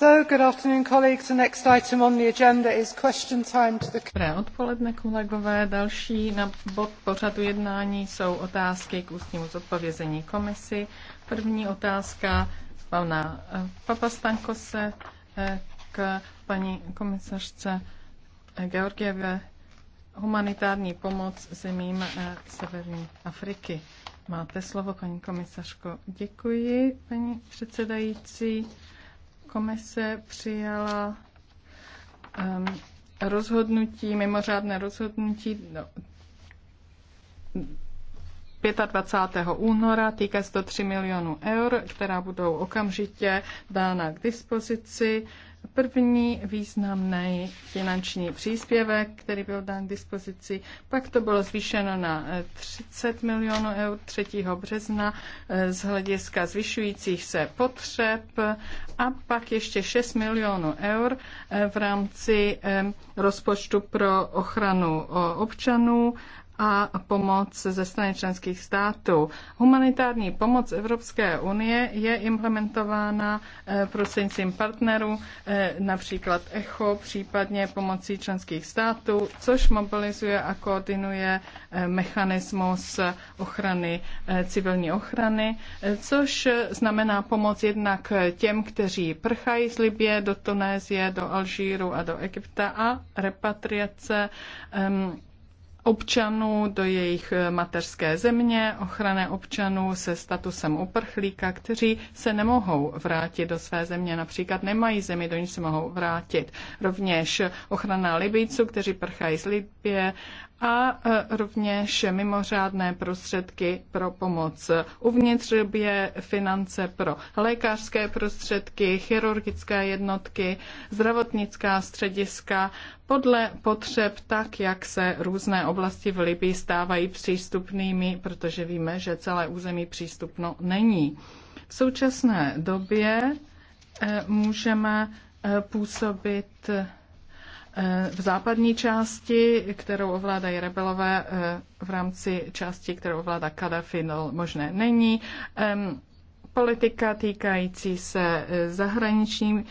Dobré odpoledne, kolegové. Další na bod pořadu jednání jsou otázky k ústnímu zodpovězení komisi. První otázka pana eh, Papastankose eh, k paní komisařce eh, Georgieve humanitární pomoc zemím severní Afriky. Máte slovo, paní komisařko. Děkuji, paní předsedající. Komise přijala um, rozhodnutí, mimořádné rozhodnutí no, 25. února, týká 103 milionů eur, která budou okamžitě dána k dispozici První významný finanční příspěvek, který byl dán k dispozici, pak to bylo zvýšeno na 30 eh, milionů eur 3. března eh, z hlediska zvyšujících se potřeb a pak ještě 6 milionů eur eh, v rámci rozpočtu pro ochranu občanů a pomoc ze strany členských států. Humanitární pomoc Evropské unie je implementována eh, prostřednictvím partnerů, eh, například ECHO, případně pomocí členských států, což mobilizuje a koordinuje eh, mechanismus ochrany, civilní ochrany, což znamená pomoc jednak těm, kteří prchají z Libie do Tunézie, do Alžíru a do Egypta a repatriace občanů do jejich eh, mateřské země, ochrana občanů se statusem uprchlíka, kteří se nemohou vrátit do své země, například nemají zemi, do níž se mohou vrátit. Rovněž ochrana Libijců, kteří prchají z Libie a e, rovněž mimořádné prostředky pro pomoc. Uvnitř je finance pro lékařské prostředky, chirurgické jednotky, zdravotnická střediska podle potřeb tak, jak se různé oblasti v Libii stávají přístupnými, protože víme, že celé území přístupno není. V současné době e, můžeme e, působit v západní části, kterou ovládají rebelové, eh, v rámci části, kterou ovládá Kadafi, no, možné není. Politika týkající se eh, zahraniční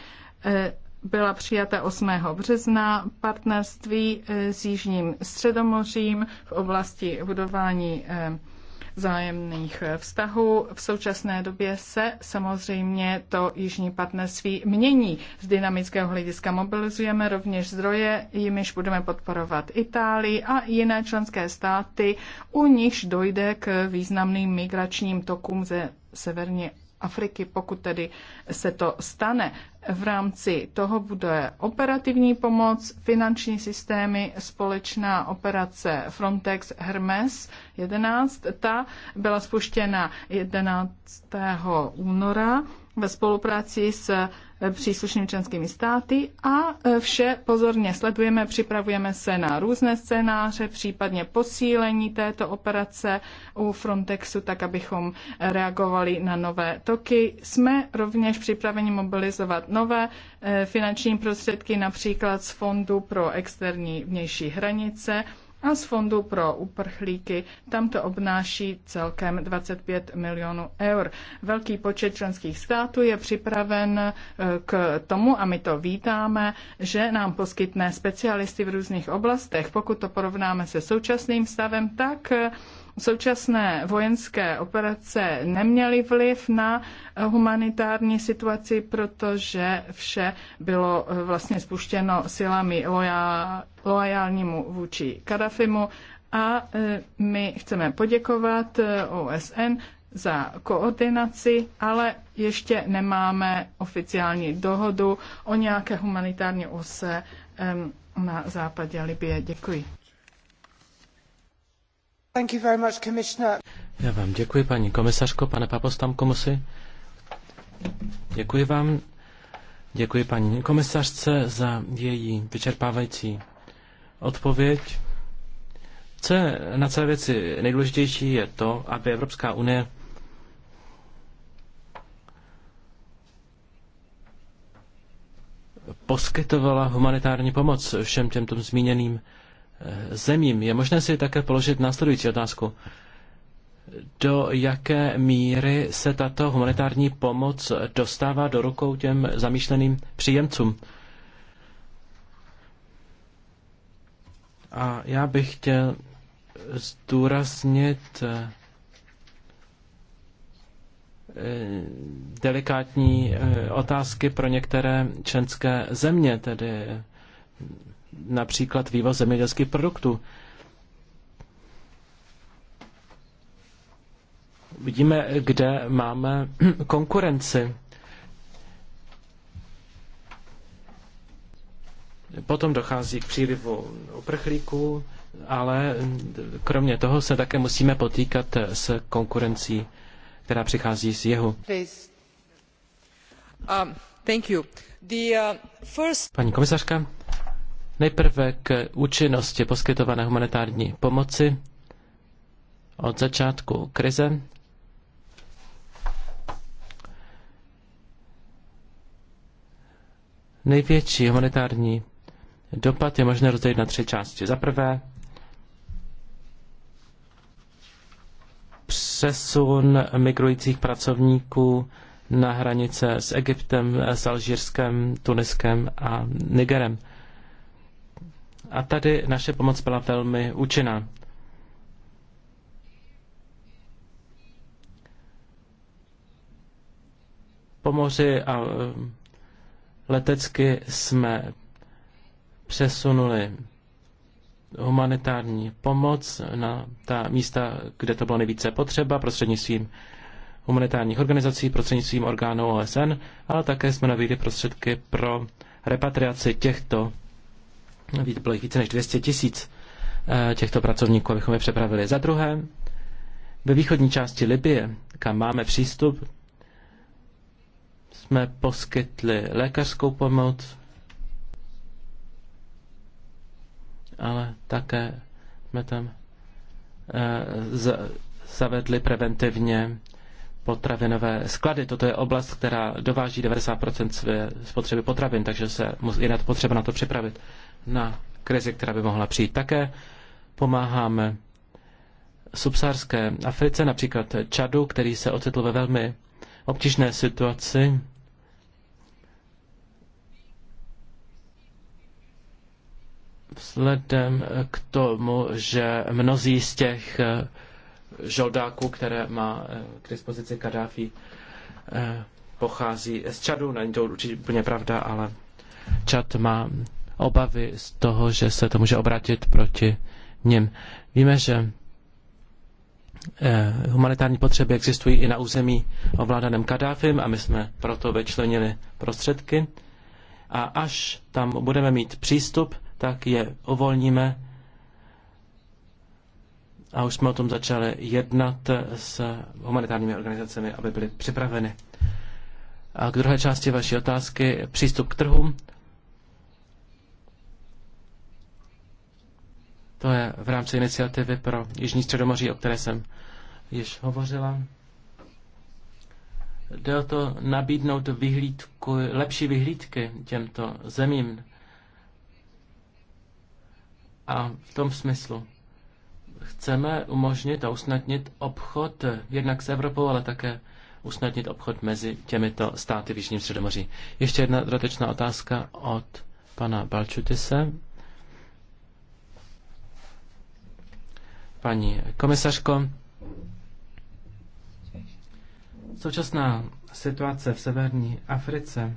eh, byla přijata 8. března partnerství s Jižním středomořím v oblasti budování zájemných vztahů. V současné době se samozřejmě to jižní partnerství mění. Z dynamického hlediska mobilizujeme rovněž zdroje, jimiž budeme podporovat Itálii a jiné členské státy, u nichž dojde k významným migračním tokům ze severní Afriky, pokud tedy se to stane. V rámci toho bude operativní pomoc, finanční systémy, společná operace Frontex Hermes 11. Ta byla spuštěna 11. února ve spolupráci s příslušnými členskými státy a e, vše pozorně sledujeme, připravujeme se na různé scénáře, případně posílení této operace u Frontexu, tak abychom e, reagovali na nové toky. Jsme rovněž připraveni mobilizovat nové e, finanční prostředky, například z Fondu pro externí vnější hranice, a z Fondu pro uprchlíky. Tam to obnáší celkem 25 milionů eur. Velký počet členských států je připraven eh, k tomu, a my to vítáme, že nám poskytne specialisty v různých oblastech. Pokud to porovnáme se současným stavem, tak eh, Současné vojenské operace neměly vliv na humanitární situaci, protože vše bylo eh, vlastně spuštěno silami loajálnímu vůči Kadafimu a eh, my chceme poděkovat eh, OSN za koordinaci, ale ještě nemáme oficiální dohodu o nějaké humanitární ose na západě Libie. Děkuji. Já vám děkuji, paní komisařko, pane Papostamkomusi. Děkuji vám. Děkuji paní komisařce za její vyčerpávající odpověď. Co je na celé věci nejdůležitější, je to, aby Evropská unie poskytovala humanitární pomoc všem těmto zmíněným zemím. Je možné si také položit následující otázku. Do jaké míry se tato humanitární pomoc dostává do rukou těm zamýšleným příjemcům? A já bych chtěl zdůraznit eh, delikátní eh, otázky pro některé členské země, tedy například vývoz zemědělských produktů. Vidíme, kde máme konkurenci. Potom dochází k přílivu uprchlíků, ale kromě toho se také musíme potýkat s konkurencí, která přichází z jihu. Um, thank you. The, uh, first... Paní komisařka, Nejprve k účinnosti poskytované humanitární pomoci od začátku krize. Největší humanitární dopad je možné rozdělit na tři části. Za prvé, přesun migrujících pracovníků na hranice s Egyptem, s Alžírskem, Tuniskem a Nigerem. A tady naše pomoc byla velmi účinná. Po moři a e, letecky jsme přesunuli humanitární pomoc na ta místa, kde to bylo nejvíce potřeba, prostřednictvím humanitárních organizací, prostřednictvím orgánů OSN, ale také jsme nabídli prostředky pro repatriaci těchto bylo jich více než 200 tisíc eh, těchto pracovníků, abychom je přepravili. Za druhé, ve východní části Libie, kam máme přístup, jsme poskytli lékařskou pomoc, ale také jsme tam eh, zavedli preventivně potravinové sklady. Toto je oblast, která dováží 90 své spotřeby potravin, takže se je na to potřeba na to připravit. Na krizi, která by mohla přijít také, pomáháme subsárské Africe, například Čadu, který se ocitl ve velmi obtížné situaci. Vzhledem k tomu, že mnozí z těch žoldáků, které má eh, k dispozici Kadáfi, eh, pochází z Čadu. Není to určitě úplně pravda, ale Čad má obavy z toho, že se to může obrátit proti ním. Víme, že eh, humanitární potřeby existují i na území ovládaném Kadáfim a my jsme proto vyčlenili prostředky. A až tam budeme mít přístup, tak je uvolníme a už jsme o tom začali jednat s humanitárními organizacemi, aby byly připraveny. A k druhé části vaší otázky, přístup k trhům. To je v rámci iniciativy pro Jižní středomoří, o které jsem již hovořila. Jde o to nabídnout vyhlídku, lepší vyhlídky těmto zemím. A v tom smyslu, Chceme umožnit a usnadnit obchod jednak s Evropou, ale také usnadnit obchod mezi těmito státy v Jižním Středomoří. Ještě jedna dodatečná otázka od pana Balčutise. Paní komisařko, současná situace v severní Africe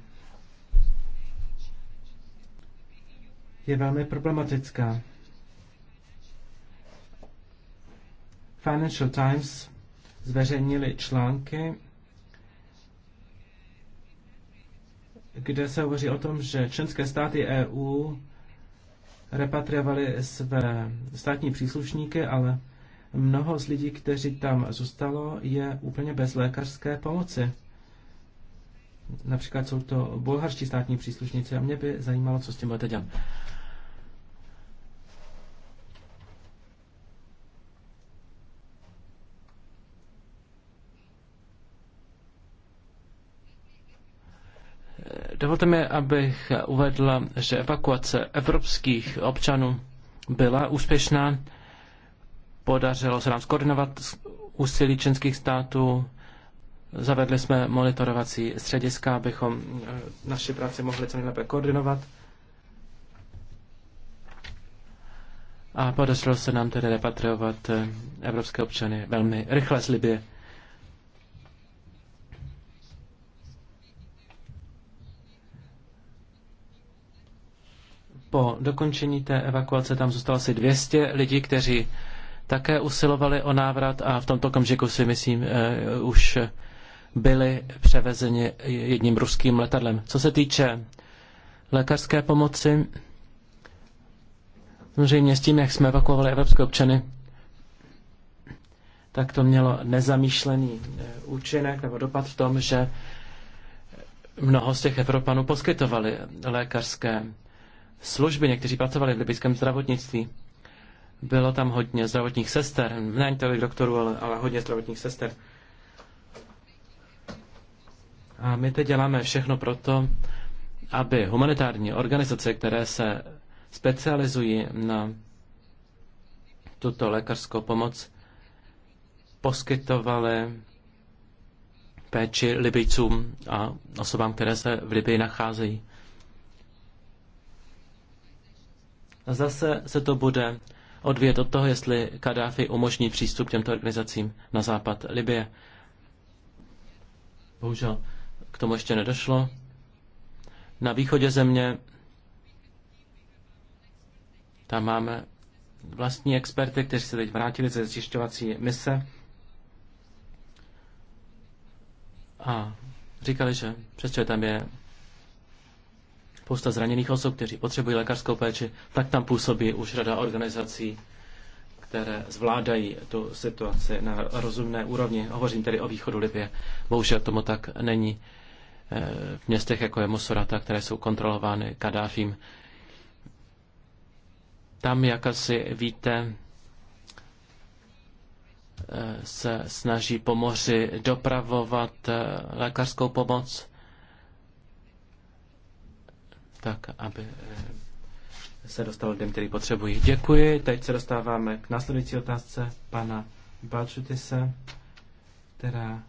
je velmi problematická. Financial Times zveřejnili články, kde se hovoří o tom, že členské státy EU repatriovali své státní příslušníky, ale mnoho z lidí, kteří tam zůstalo, je úplně bez lékařské pomoci. Například jsou to bulharští státní příslušníci a mě by zajímalo, co s tím budete dělat. Dovolte mi, abych uvedla, že evakuace evropských občanů byla úspěšná. Podařilo se nám skoordinovat úsilí členských států. Zavedli jsme monitorovací střediska, abychom eh, naši práci mohli co nejlépe koordinovat. A podařilo se nám tedy repatriovat eh, evropské občany velmi rychle z Libie. Po dokončení té evakuace tam zůstalo asi 200 lidí, kteří také usilovali o návrat a v tomto okamžiku si myslím, eh, už byli převezeni jedním ruským letadlem. Co se týče lékařské pomoci, samozřejmě s tím, jak jsme evakuovali evropské občany, tak to mělo nezamýšlený eh, účinek nebo dopad v tom, že mnoho z těch Evropanů poskytovali lékařské služby, někteří pracovali v libyském zdravotnictví. Bylo tam hodně zdravotních sester, ne tolik doktorů, ale, ale hodně zdravotních sester. A my teď děláme všechno proto, aby humanitární organizace, které se specializují na tuto lékařskou pomoc, poskytovaly péči Libijcům a osobám, které se v Libii nacházejí. Zase se to bude odvět od toho, jestli Kadáfi umožní přístup k těmto organizacím na západ Libie. Bohužel k tomu ještě nedošlo. Na východě země tam máme vlastní experty, kteří se teď vrátili ze zjišťovací mise a říkali, že přesně tam je spousta zraněných osob, kteří potřebují lékařskou péči, tak tam působí už řada organizací, které zvládají tu situaci na rozumné úrovni. Hovořím tedy o východu Libě. Bohužel tomu tak není eh, v městech, jako je Musorata, které jsou kontrolovány Kadáfím. Tam, jak asi víte, eh, se snaží pomoři dopravovat eh, lékařskou pomoc tak aby eh, se dostalo lidem, který potřebují. Děkuji. Teď se dostáváme k následující otázce pana Balčutise, která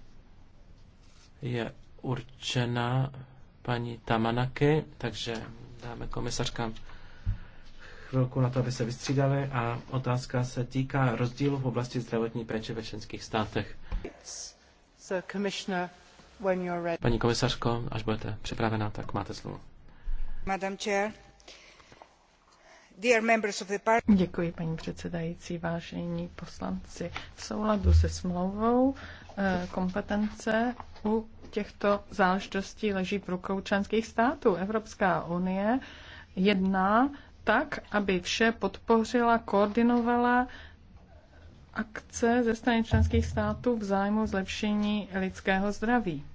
je určena paní Tamanaky, takže dáme komisařkám chvilku na to, aby se vystřídali a otázka se týká rozdílu v oblasti zdravotní péče ve členských státech. Paní komisařko, až budete připravená, tak máte slovo. Děkuji, paní předsedající, vážení poslanci. V souladu se smlouvou eh, kompetence u těchto záležitostí leží v rukou členských států. Evropská unie jedná tak, aby vše podpořila, koordinovala akce ze strany členských států v zájmu zlepšení lidského zdraví.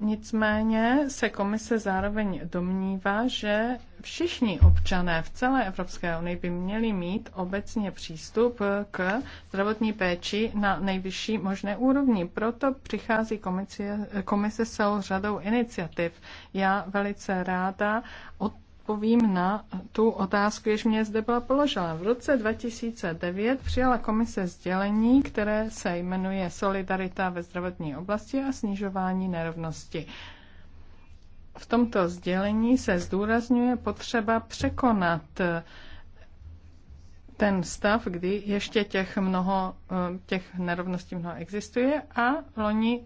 Nicméně se komise zároveň domnívá, že všichni občané v celé Evropské unii by měli mít obecně přístup k zdravotní péči na nejvyšší možné úrovni. Proto přichází komise, komise s celou řadou iniciativ. Já velice ráda od odpovím na tu otázku, jež mě zde byla položena. V roce 2009 přijala komise sdělení, které se jmenuje Solidarita ve zdravotní oblasti a snižování nerovnosti. V tomto sdělení se zdůrazňuje potřeba překonat eh, ten stav, kdy ještě těch mnoho, eh, těch nerovností mnoho existuje a loni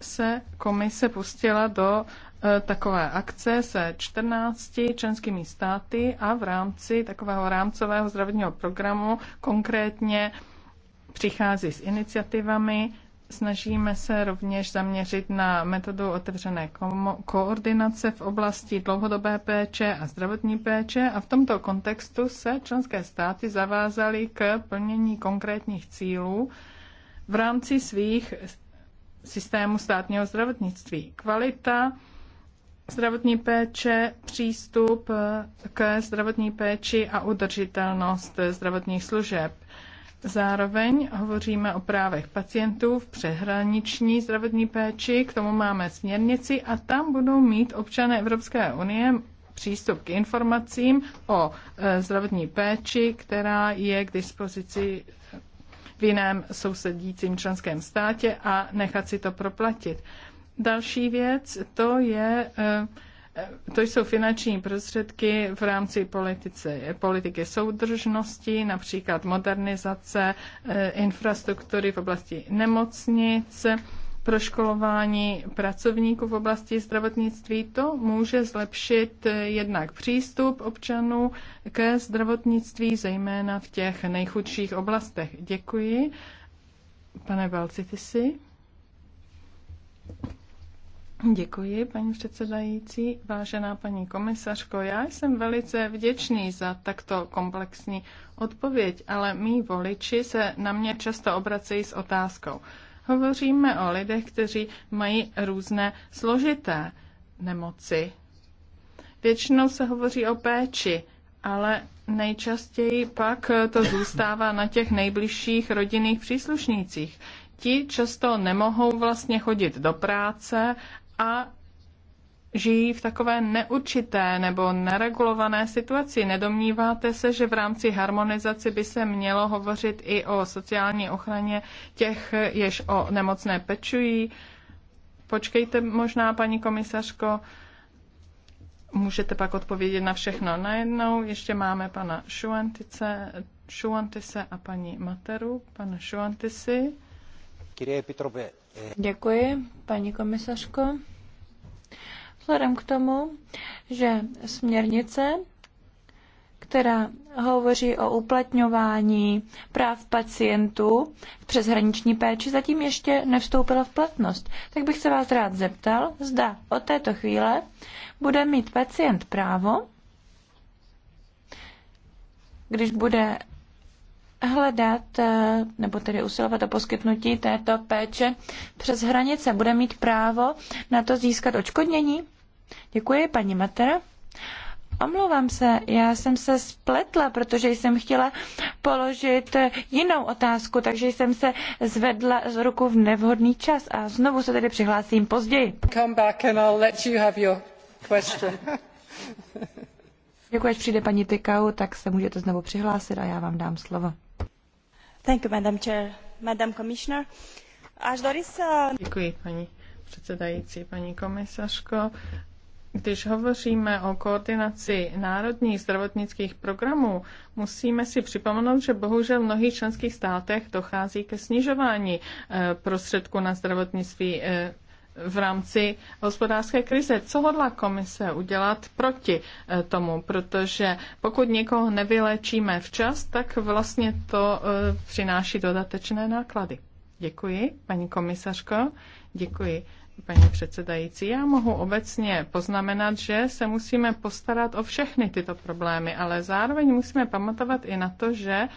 se komise pustila do E, takové akce se 14 členskými státy a v rámci takového rámcového zdravotního programu konkrétně přichází s iniciativami. Snažíme se rovněž zaměřit na metodu otevřené ko- koordinace v oblasti dlouhodobé péče a zdravotní péče a v tomto kontextu se členské státy zavázaly k plnění konkrétních cílů v rámci svých systémů státního zdravotnictví. Kvalita Zdravotní péče, přístup eh, k zdravotní péči a udržitelnost zdravotních služeb. Zároveň hovoříme o právech pacientů v přehraniční zdravotní péči, k tomu máme směrnici a tam budou mít občané Evropské unie přístup k informacím o eh, zdravotní péči, která je k dispozici v jiném sousedícím členském státě a nechat si to proplatit. Další věc, to je eh, to jsou finanční prostředky v rámci politice, politiky soudržnosti, například modernizace eh, infrastruktury v oblasti nemocnic, proškolování pracovníků v oblasti zdravotnictví. To může zlepšit eh, jednak přístup občanů ke zdravotnictví, zejména v těch nejchudších oblastech. Děkuji. Pane Balci, ty jsi? Děkuji, paní předsedající. Vážená paní komisařko, já jsem velice vděčný za takto komplexní odpověď, ale mý voliči se na mě často obracejí s otázkou. Hovoříme o lidech, kteří mají různé složité nemoci. Většinou se hovoří o péči, ale nejčastěji pak to zůstává na těch nejbližších rodinných příslušnících ti často nemohou vlastně chodit do práce a žijí v takové neurčité nebo neregulované situaci. Nedomníváte se, že v rámci harmonizace by se mělo hovořit i o sociální ochraně těch, jež o nemocné pečují? Počkejte možná, paní komisařko, můžete pak odpovědět na všechno najednou. Ještě máme pana Šuantice, Šuantise a paní Materu. Pane Šuantisi. Kyrie Pitrobe, Děkuji, paní komisařko. Vzhledem k tomu, že směrnice, která hovoří o uplatňování práv pacientů v přeshraniční péči, zatím ještě nevstoupila v platnost, tak bych se vás rád zeptal, zda od této chvíle bude mít pacient právo, když bude hledat eh, nebo tedy usilovat o poskytnutí této péče přes hranice. Bude mít právo na to získat očkodnění? Děkuji, paní Matera. Omlouvám se, já jsem se spletla, protože jsem chtěla položit jinou otázku, takže jsem se zvedla z ruku v nevhodný čas a znovu se tedy přihlásím později. Děkuji, až přijde paní Tykau, tak se můžete znovu přihlásit a já vám dám slovo. Děkuji, paní předsedající, paní komisařko. Když hovoříme o koordinaci národních zdravotnických programů, musíme si připomenout, že bohužel v mnohých členských státech dochází ke snižování eh, prostředků na zdravotnictví eh, v rámci hospodářské krize. Co hodla komise udělat proti eh, tomu? Protože pokud někoho nevylečíme včas, tak vlastně to eh, přináší dodatečné náklady. Děkuji, paní komisařko. Děkuji, paní předsedající. Já mohu obecně poznamenat, že se musíme postarat o všechny tyto problémy, ale zároveň musíme pamatovat i na to, že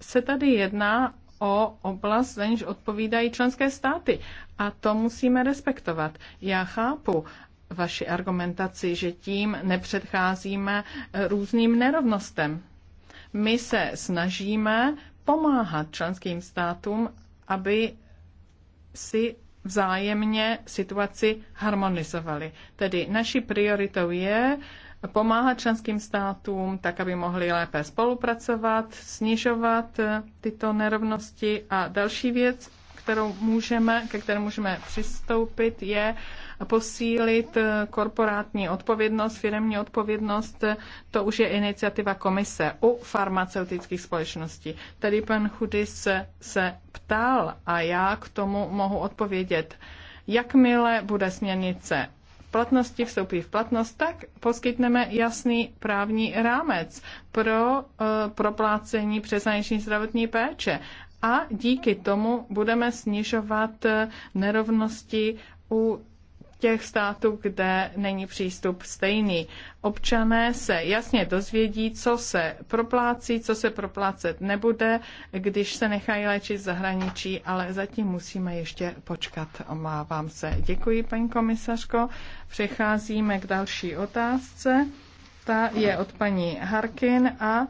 se tady jedná o oblast, za níž odpovídají členské státy. A to musíme respektovat. Já chápu vaši argumentaci, že tím nepředcházíme různým nerovnostem. My se snažíme pomáhat členským státům, aby si vzájemně situaci harmonizovali. Tedy naší prioritou je pomáhat členským státům, tak aby mohli lépe spolupracovat, snižovat eh, tyto nerovnosti. A další věc, kterou můžeme, ke které můžeme přistoupit, je posílit eh, korporátní odpovědnost, firmní odpovědnost. To už je iniciativa komise u farmaceutických společností. Tady pan Chudis se ptal a já k tomu mohu odpovědět. Jakmile bude směrnice platnosti, vstoupí v platnost, tak poskytneme jasný právní rámec pro eh, proplácení přeshraniční zdravotní péče. A díky tomu budeme snižovat eh, nerovnosti u těch států, kde není přístup stejný. Občané se jasně dozvědí, co se proplácí, co se proplácet nebude, když se nechají léčit zahraničí, ale zatím musíme ještě počkat. Omávám se. Děkuji, paní komisařko. Přecházíme k další otázce. Ta je od paní Harkin a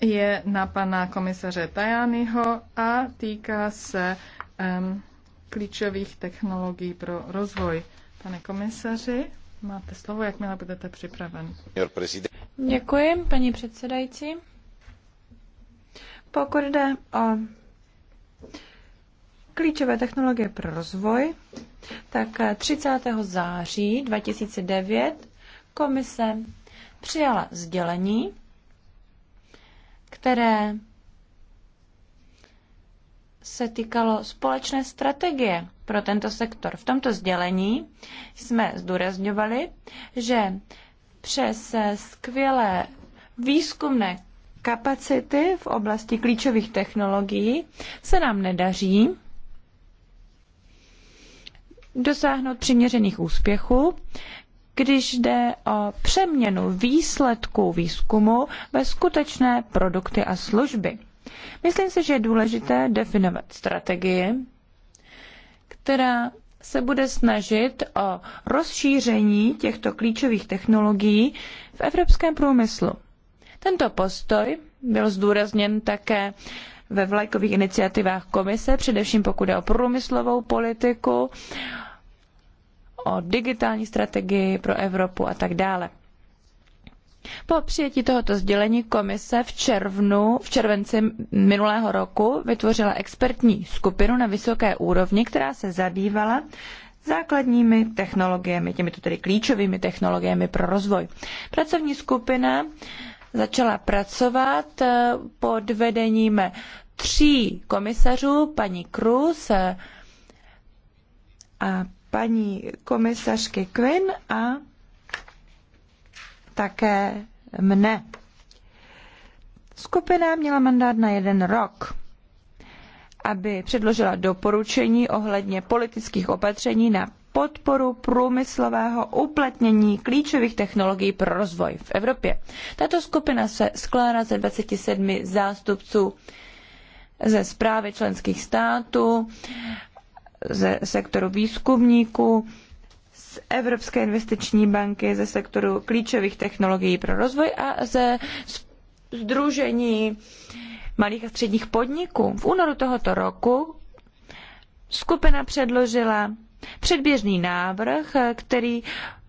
je na pana komisaře Tajányho a týká se um, klíčových technologií pro rozvoj. Pane komisaři, máte slovo, jakmile budete připraven. Děkuji, paní předsedající. Pokud jde o klíčové technologie pro rozvoj, tak 30. září 2009 komise přijala sdělení, které se týkalo společné strategie pro tento sektor. V tomto sdělení jsme zdůrazňovali, že přes skvělé výzkumné kapacity v oblasti klíčových technologií se nám nedaří dosáhnout přiměřených úspěchů, když jde o přeměnu výsledků výzkumu ve skutečné produkty a služby. Myslím si, že je důležité definovat strategii, která se bude snažit o rozšíření těchto klíčových technologií v evropském průmyslu. Tento postoj byl zdůrazněn také ve vlajkových iniciativách komise, především pokud je o průmyslovou politiku, o digitální strategii pro Evropu a tak dále. Po přijetí tohoto sdělení komise v červnu, v červenci minulého roku vytvořila expertní skupinu na vysoké úrovni, která se zabývala základními technologiemi, těmito tedy klíčovými technologiemi pro rozvoj. Pracovní skupina začala pracovat eh, pod vedením tří komisařů, paní Cruz eh, a paní komisařky Quinn a také mne. Skupina měla mandát na jeden rok, aby předložila doporučení ohledně politických opatření na podporu průmyslového uplatnění klíčových technologií pro rozvoj v Evropě. Tato skupina se skládá ze 27 zástupců ze zprávy členských států, ze sektoru výzkumníků, Evropské investiční banky, ze sektoru klíčových technologií pro rozvoj a ze Združení malých a středních podniků. V únoru tohoto roku skupina předložila předběžný návrh, který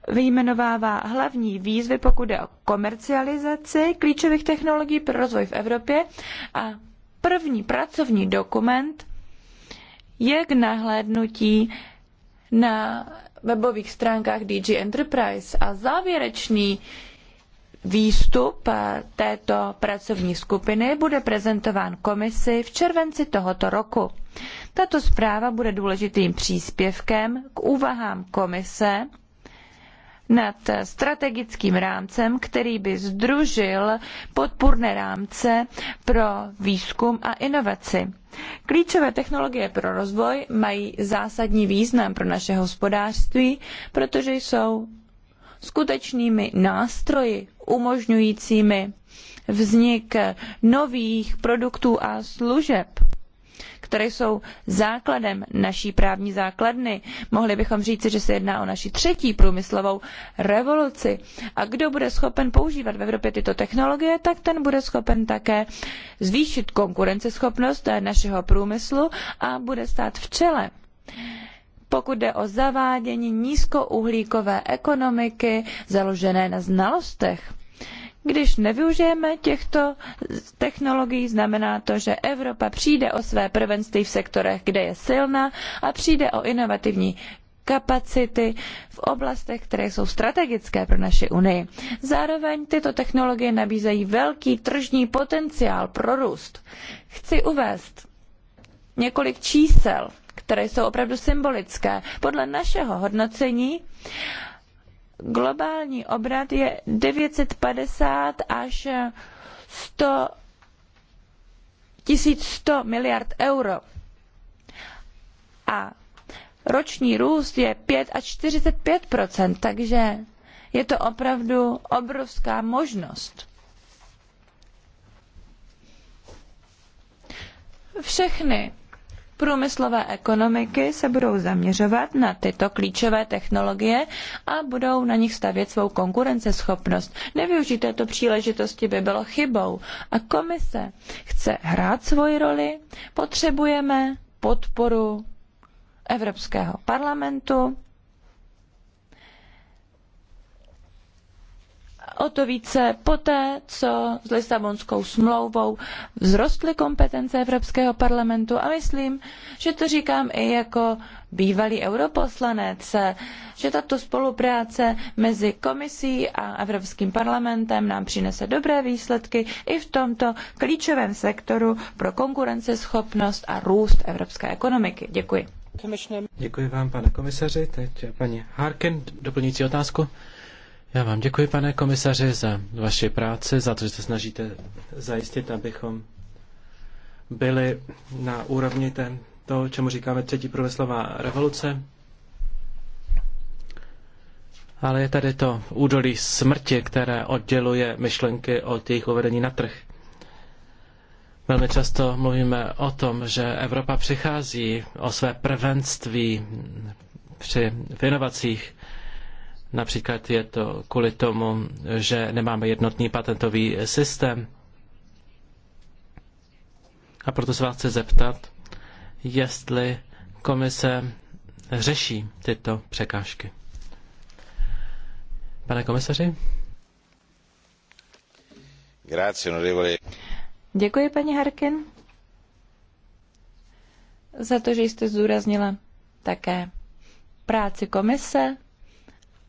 vyjmenovává hlavní výzvy, pokud jde o komercializaci klíčových technologií pro rozvoj v Evropě a první pracovní dokument je k nahlédnutí na webových stránkách DG Enterprise. A závěrečný výstup eh, této pracovní skupiny bude prezentován komisi v červenci tohoto roku. Tato zpráva bude důležitým příspěvkem k úvahám komise nad strategickým rámcem, který by sdružil podpůrné rámce pro výzkum a inovaci. Klíčové technologie pro rozvoj mají zásadní význam pro naše hospodářství, protože jsou skutečnými nástroji umožňujícími vznik nových produktů a služeb které jsou základem naší právní základny. Mohli bychom říci, že se jedná o naši třetí průmyslovou revoluci. A kdo bude schopen používat v Evropě tyto technologie, tak ten bude schopen také zvýšit konkurenceschopnost našeho průmyslu a bude stát v čele pokud jde o zavádění nízkouhlíkové ekonomiky založené na znalostech. Když nevyužijeme těchto technologií, znamená to, že Evropa přijde o své prvenství v sektorech, kde je silná a přijde o inovativní kapacity v oblastech, které jsou strategické pro naši Unii. Zároveň tyto technologie nabízejí velký tržní potenciál pro růst. Chci uvést několik čísel, které jsou opravdu symbolické. Podle našeho hodnocení globální obrat je 950 až 100 1100 miliard euro. A roční růst je 5 až 45 takže je to opravdu obrovská možnost. Všechny průmyslové ekonomiky se budou zaměřovat na tyto klíčové technologie a budou na nich stavět svou konkurenceschopnost. Nevyužít této příležitosti by bylo chybou. A komise chce hrát svoji roli, potřebujeme podporu Evropského parlamentu o to více poté, co s Lisabonskou smlouvou vzrostly kompetence Evropského parlamentu a myslím, že to říkám i jako bývalý europoslanec, že tato spolupráce mezi komisí a Evropským parlamentem nám přinese dobré výsledky i v tomto klíčovém sektoru pro konkurenceschopnost a růst evropské ekonomiky. Děkuji. Děkuji vám, pane komisaři. Teď paní Harkin, doplňující otázku. Já vám děkuji, pane komisaři, za vaši práci, za to, že se snažíte zajistit, abychom byli na úrovni té, toho, čemu říkáme třetí průmyslová revoluce. Ale je tady to údolí smrti, které odděluje myšlenky od jejich uvedení na trh. Velmi často mluvíme o tom, že Evropa přichází o své prvenství při v inovacích Například je to kvůli tomu, že nemáme jednotný patentový systém. A proto se vás chci zeptat, jestli komise řeší tyto překážky. Pane komisaři? Děkuji, paní Harkin, za to, že jste zdůraznila také práci komise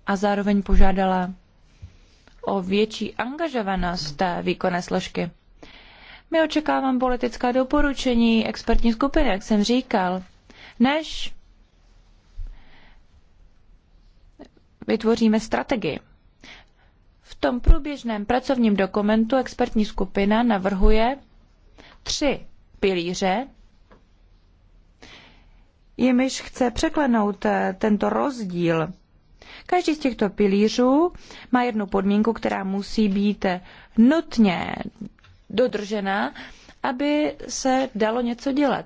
a zároveň požádala o větší angažovanost výkonné složky. My očekávám politická doporučení expertní skupiny, jak jsem říkal, než vytvoříme strategii. V tom průběžném pracovním dokumentu expertní skupina navrhuje tři pilíře, jimiž chce překlenout eh, tento rozdíl Každý z těchto pilířů má jednu podmínku, která musí být nutně dodržena, aby se dalo něco dělat.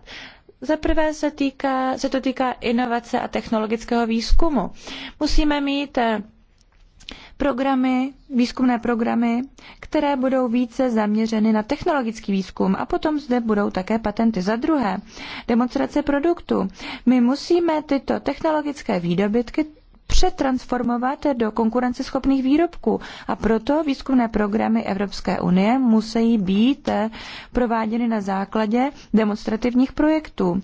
Za prvé se, týká, se to týká inovace a technologického výzkumu. Musíme mít eh, programy, výzkumné programy, které budou více zaměřeny na technologický výzkum a potom zde budou také patenty. Za druhé, demonstrace produktu. My musíme tyto technologické výdobytky přetransformovat do konkurenceschopných výrobků. A proto výzkumné programy Evropské unie musí být prováděny na základě demonstrativních projektů.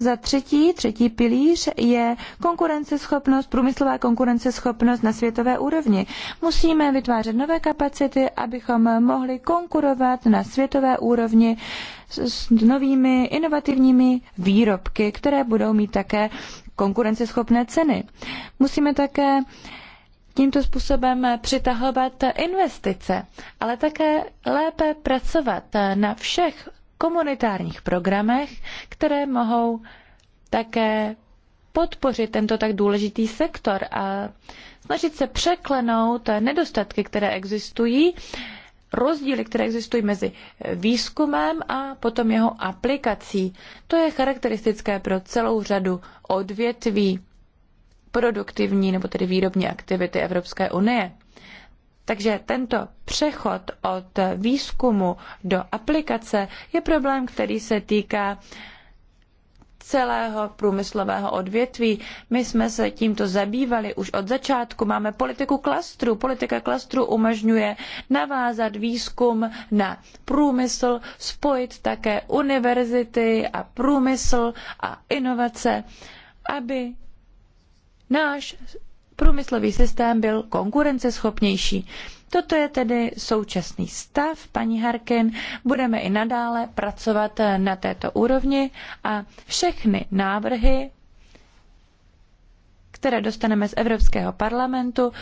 Za třetí, třetí pilíř je konkurenceschopnost, průmyslová konkurenceschopnost na světové úrovni. Musíme vytvářet nové kapacity, abychom mohli konkurovat na světové úrovni s novými inovativními výrobky, které budou mít také konkurenceschopné ceny. Musíme také tímto způsobem přitahovat investice, ale také lépe pracovat na všech komunitárních programech, které mohou také podpořit tento tak důležitý sektor a snažit se překlenout nedostatky, které existují rozdíly, které existují mezi eh, výzkumem a potom jeho aplikací. To je charakteristické pro celou řadu odvětví produktivní nebo tedy výrobní aktivity Evropské unie. Takže tento přechod od výzkumu do aplikace je problém, který se týká celého průmyslového odvětví. My jsme se tímto zabývali už od začátku. Máme politiku klastru. Politika klastru umožňuje navázat výzkum na průmysl, spojit také univerzity a průmysl a inovace, aby náš průmyslový systém byl konkurenceschopnější. Toto je tedy současný stav, paní Harkin. Budeme i nadále pracovat eh, na této úrovni a všechny návrhy, které dostaneme z Evropského parlamentu,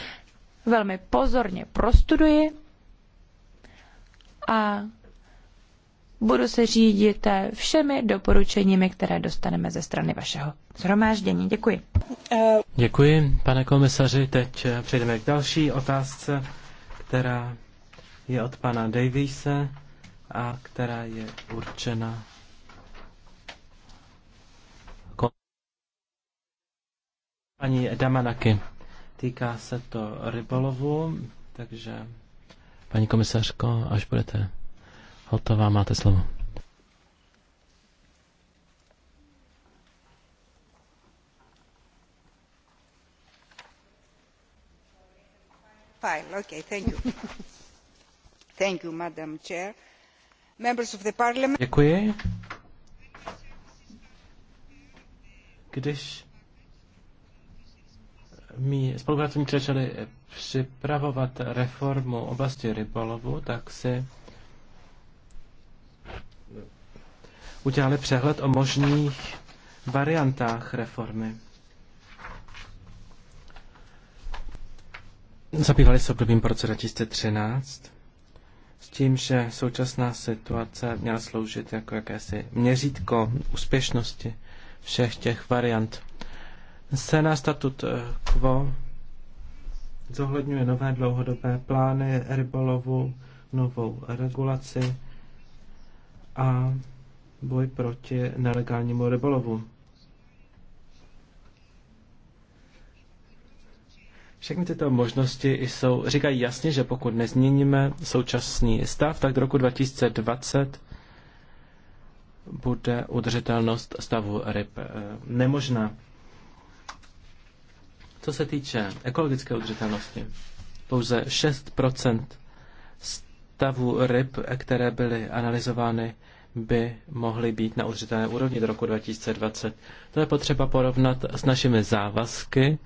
velmi pozorně prostuduji a budu se řídit eh, všemi doporučeními, které dostaneme ze strany vašeho zhromáždění. Děkuji. Děkuji, pane komisaři. Teď eh, přejdeme k další otázce která je od pana Davise a která je určena paní Damanaky. Týká se to rybolovu, takže paní komisařko, až budete hotová, máte slovo. Děkuji. Když mí spolupracovníci začali připravovat reformu oblasti rybolovu, tak si udělali přehled o možných variantách reformy. zabývali se obdobím po roce 2013 s tím, že současná situace měla sloužit jako jakési měřítko úspěšnosti všech těch variant. Scéna statut eh, quo zohledňuje nové dlouhodobé plány rybolovu, novou regulaci a boj proti nelegálnímu rybolovu. Všechny tyto možnosti jsou, říkají jasně, že pokud nezměníme současný stav, tak do roku 2020 bude udržitelnost stavu ryb eh, nemožná. Co se týče ekologické udržitelnosti, pouze 6 stavu ryb, které byly analyzovány, by mohly být na udržitelné úrovni do roku 2020. To je potřeba porovnat s našimi závazky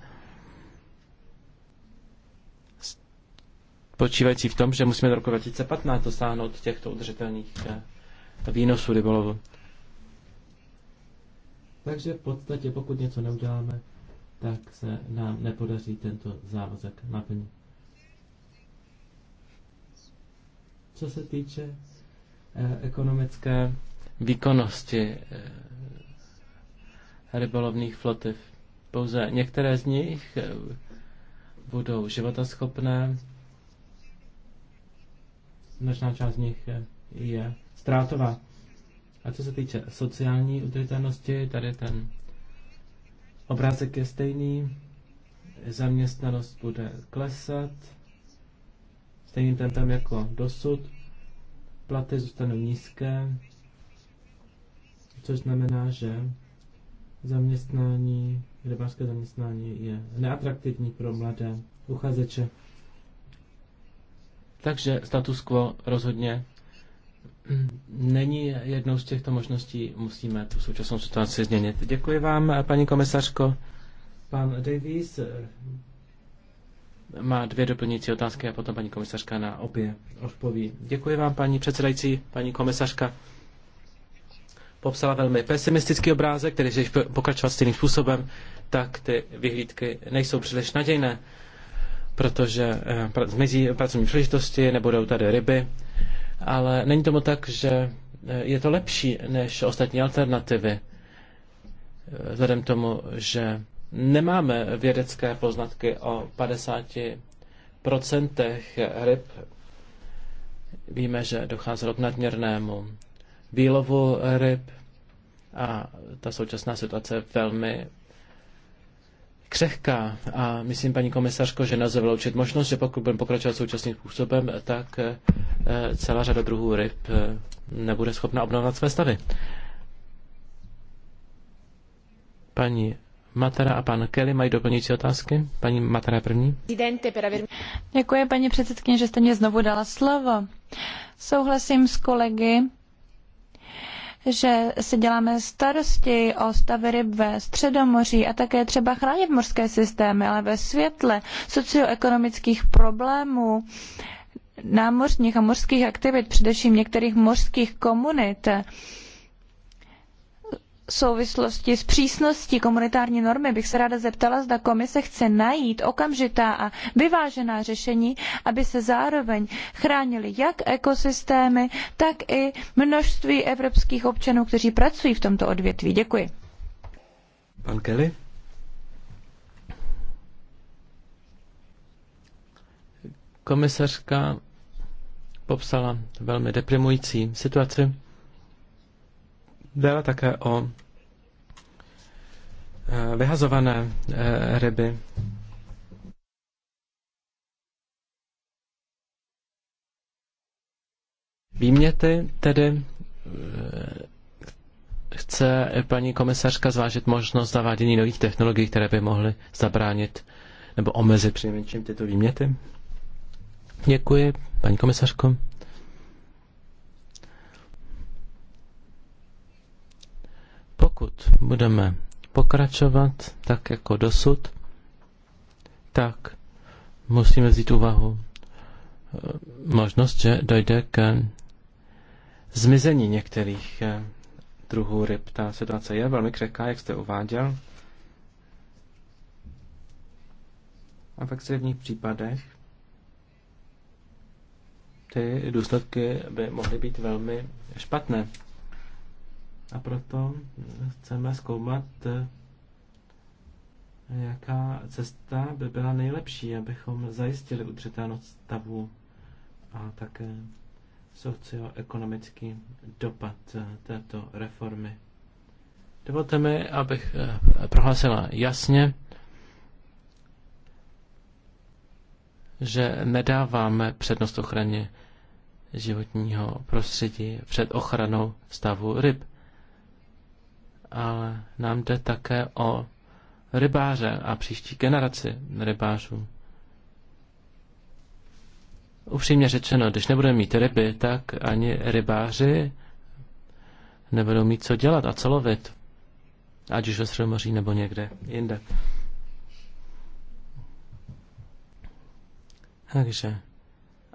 spočívající v tom, že musíme do roku 2015 dosáhnout těchto udržitelných eh, výnosů rybolovu. Takže v podstatě, pokud něco neuděláme, tak se nám nepodaří tento závazek naplnit. Co se týče eh, ekonomické výkonnosti eh, rybolovných flotiv, pouze některé z nich budou životaschopné, značná část z nich eh, je ztrátová. A co se týče sociální udržitelnosti, tady ten obrázek je stejný. Zaměstnanost bude klesat stejným tempem jako dosud. Platy zůstanou nízké, což znamená, že zaměstnání, rybářské zaměstnání je neatraktivní pro mladé uchazeče. Takže status quo rozhodně není jednou z těchto možností. Musíme tu současnou situaci změnit. Děkuji vám, paní komisařko. Pan Davies eh, má dvě doplňující otázky a potom paní komisařka na obě odpoví. Děkuji vám, paní předsedající, paní komisařka. Popsala velmi pesimistický obrázek, který když pokračovat stejným způsobem, tak ty vyhlídky nejsou příliš nadějné protože eh, zmizí pracovní příležitosti, nebudou tady ryby, ale není tomu tak, že eh, je to lepší než ostatní alternativy, eh, vzhledem tomu, že nemáme vědecké poznatky o 50% ryb. Víme, že docházelo k nadměrnému výlovu ryb a ta současná situace je velmi křehká a myslím, paní komisařko, že nelze vyloučit možnost, že pokud budeme pokračovat současným způsobem, tak eh, celá řada druhů ryb eh, nebude schopna obnovovat své stavy. Paní Matera a pan Kelly mají doplňující otázky. Paní Matera první. Děkuji, paní předsedkyně, že jste mě znovu dala slovo. Souhlasím s kolegy, že si děláme starosti o stavy ryb ve Středomoří a také třeba chránit mořské systémy, ale ve světle socioekonomických problémů námořních a mořských aktivit, především některých mořských komunit, souvislosti s přísností komunitární normy bych se ráda zeptala, zda komise chce najít okamžitá a vyvážená řešení, aby se zároveň chránily jak ekosystémy, tak i množství evropských občanů, kteří pracují v tomto odvětví. Děkuji. Pan Kelly? Komisařka popsala velmi deprimující situaci Dále také o eh, vyhazované eh, ryby. Výměty tedy eh, chce paní komisařka zvážit možnost zavádění nových technologií, které by mohly zabránit nebo omezit přinejmenším tyto výměty. Děkuji, paní komisařko. Pokud budeme pokračovat tak jako dosud, tak musíme vzít úvahu eh, možnost, že dojde k zmizení některých eh, druhů ryb. Ta situace je velmi křehká, jak jste uváděl. A v extrémních případech ty důsledky by mohly být velmi špatné. A proto eh, chceme zkoumat, eh, jaká cesta by byla nejlepší, abychom zajistili udržitelnost stavu a také socioekonomický dopad eh, této reformy. Dovolte mi, abych prohlásila jasně, že nedáváme přednost ochraně životního prostředí před ochranou stavu ryb ale nám jde také o rybáře a příští generaci rybářů. Upřímně řečeno, když nebudeme mít ryby, tak ani rybáři nebudou mít co dělat a co lovit. Ať už ve Středomoří nebo někde jinde. Takže,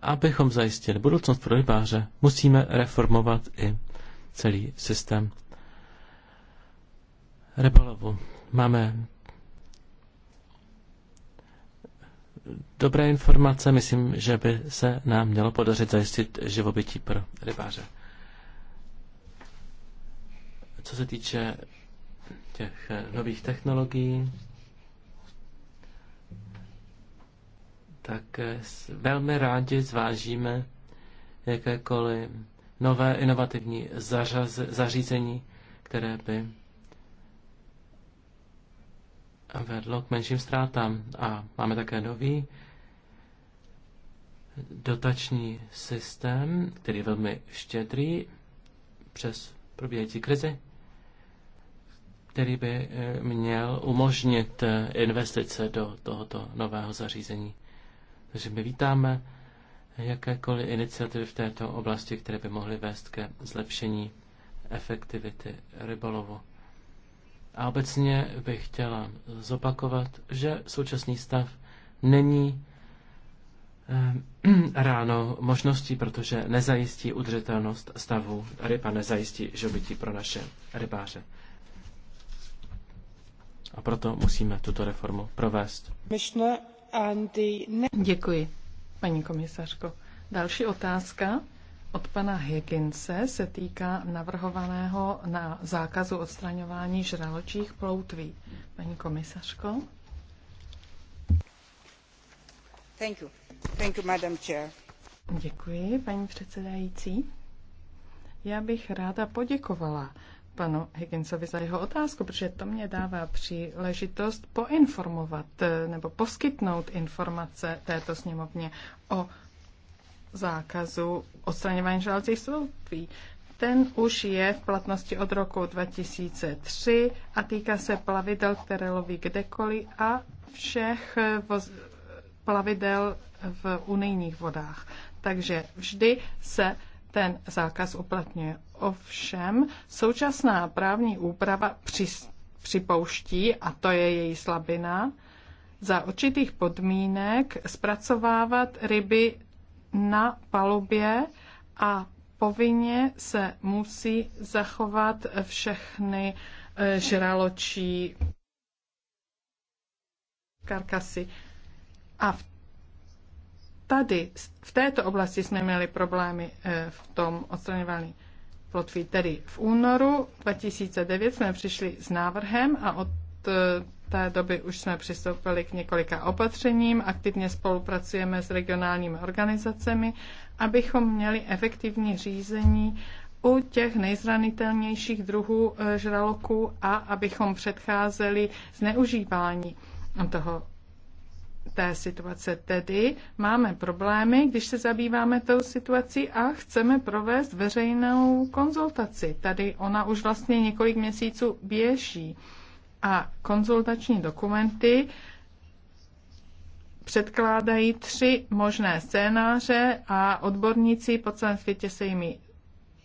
abychom zajistili budoucnost pro rybáře, musíme reformovat i celý systém Rebalovu, Máme dobré informace, myslím, že by se nám mělo podařit zajistit živobytí pro rybáře. Co se týče těch nových technologií, tak velmi rádi zvážíme jakékoliv nové inovativní zařaz, zařízení, které by vedlo k menším ztrátám. A máme také nový dotační systém, který je velmi štědrý přes probíhající krizi, který by eh, měl umožnit eh, investice do tohoto nového zařízení. Takže my vítáme jakékoliv iniciativy v této oblasti, které by mohly vést ke zlepšení efektivity rybolovu. A obecně bych chtěla zopakovat, že současný stav není eh, ráno možností, protože nezajistí udržitelnost stavu ryba, nezajistí živobytí pro naše rybáře. A proto musíme tuto reformu provést. Děkuji, paní komisařko. Další otázka od pana Higginse se týká navrhovaného na zákazu odstraňování žraločích ploutví. Paní komisařko. Thank you. Thank you, Madam Chair. Děkuji, paní předsedající. Já bych ráda poděkovala panu Higginsovi za jeho otázku, protože to mě dává příležitost poinformovat eh, nebo poskytnout informace této sněmovně o zákazu odstraňování žralcích sloupí. Ten už je v platnosti od roku 2003 a týká se plavidel, které loví kdekoliv a všech voz, plavidel v unijních vodách. Takže vždy se ten zákaz uplatňuje. Ovšem, současná právní úprava při, připouští, a to je její slabina, za určitých podmínek zpracovávat ryby na palubě a povinně se musí zachovat všechny eh, žraločí karkasy. A v tady, v této oblasti jsme měli problémy eh, v tom odstraňování plotví. Tedy v únoru 2009 jsme přišli s návrhem a od eh, té doby už jsme přistoupili k několika opatřením, aktivně spolupracujeme s regionálními organizacemi, abychom měli efektivní řízení u těch nejzranitelnějších druhů eh, žraloků a abychom předcházeli zneužívání toho té situace. Tedy máme problémy, když se zabýváme tou situací a chceme provést veřejnou konzultaci. Tady ona už vlastně několik měsíců běží a konzultační dokumenty předkládají tři možné scénáře a odborníci po celém světě se jimi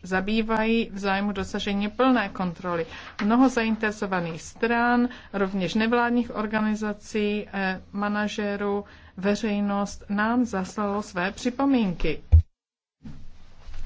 zabývají v zájmu dosažení plné kontroly. Mnoho zainteresovaných stran, rovněž nevládních organizací, eh, manažerů, veřejnost nám zaslalo své připomínky.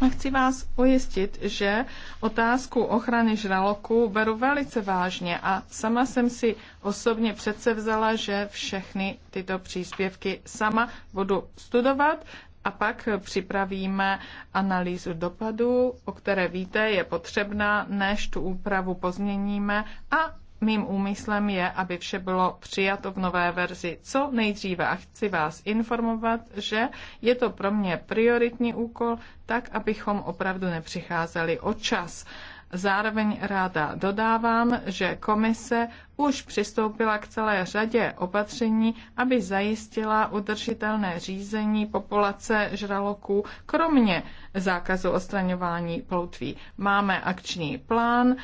A chci vás ujistit, že otázku ochrany žraloků beru velice vážně a sama jsem si osobně přece vzala, že všechny tyto příspěvky sama budu studovat a pak připravíme analýzu dopadů, o které víte, je potřebná, než tu úpravu pozměníme a Mým úmyslem je, aby vše bylo přijato v nové verzi co nejdříve a chci vás informovat, že je to pro mě prioritní úkol, tak abychom opravdu nepřicházeli o čas. Zároveň ráda dodávám, že komise už přistoupila k celé řadě opatření, aby zajistila udržitelné řízení populace žraloků, kromě zákazu odstraňování ploutví. Máme akční plán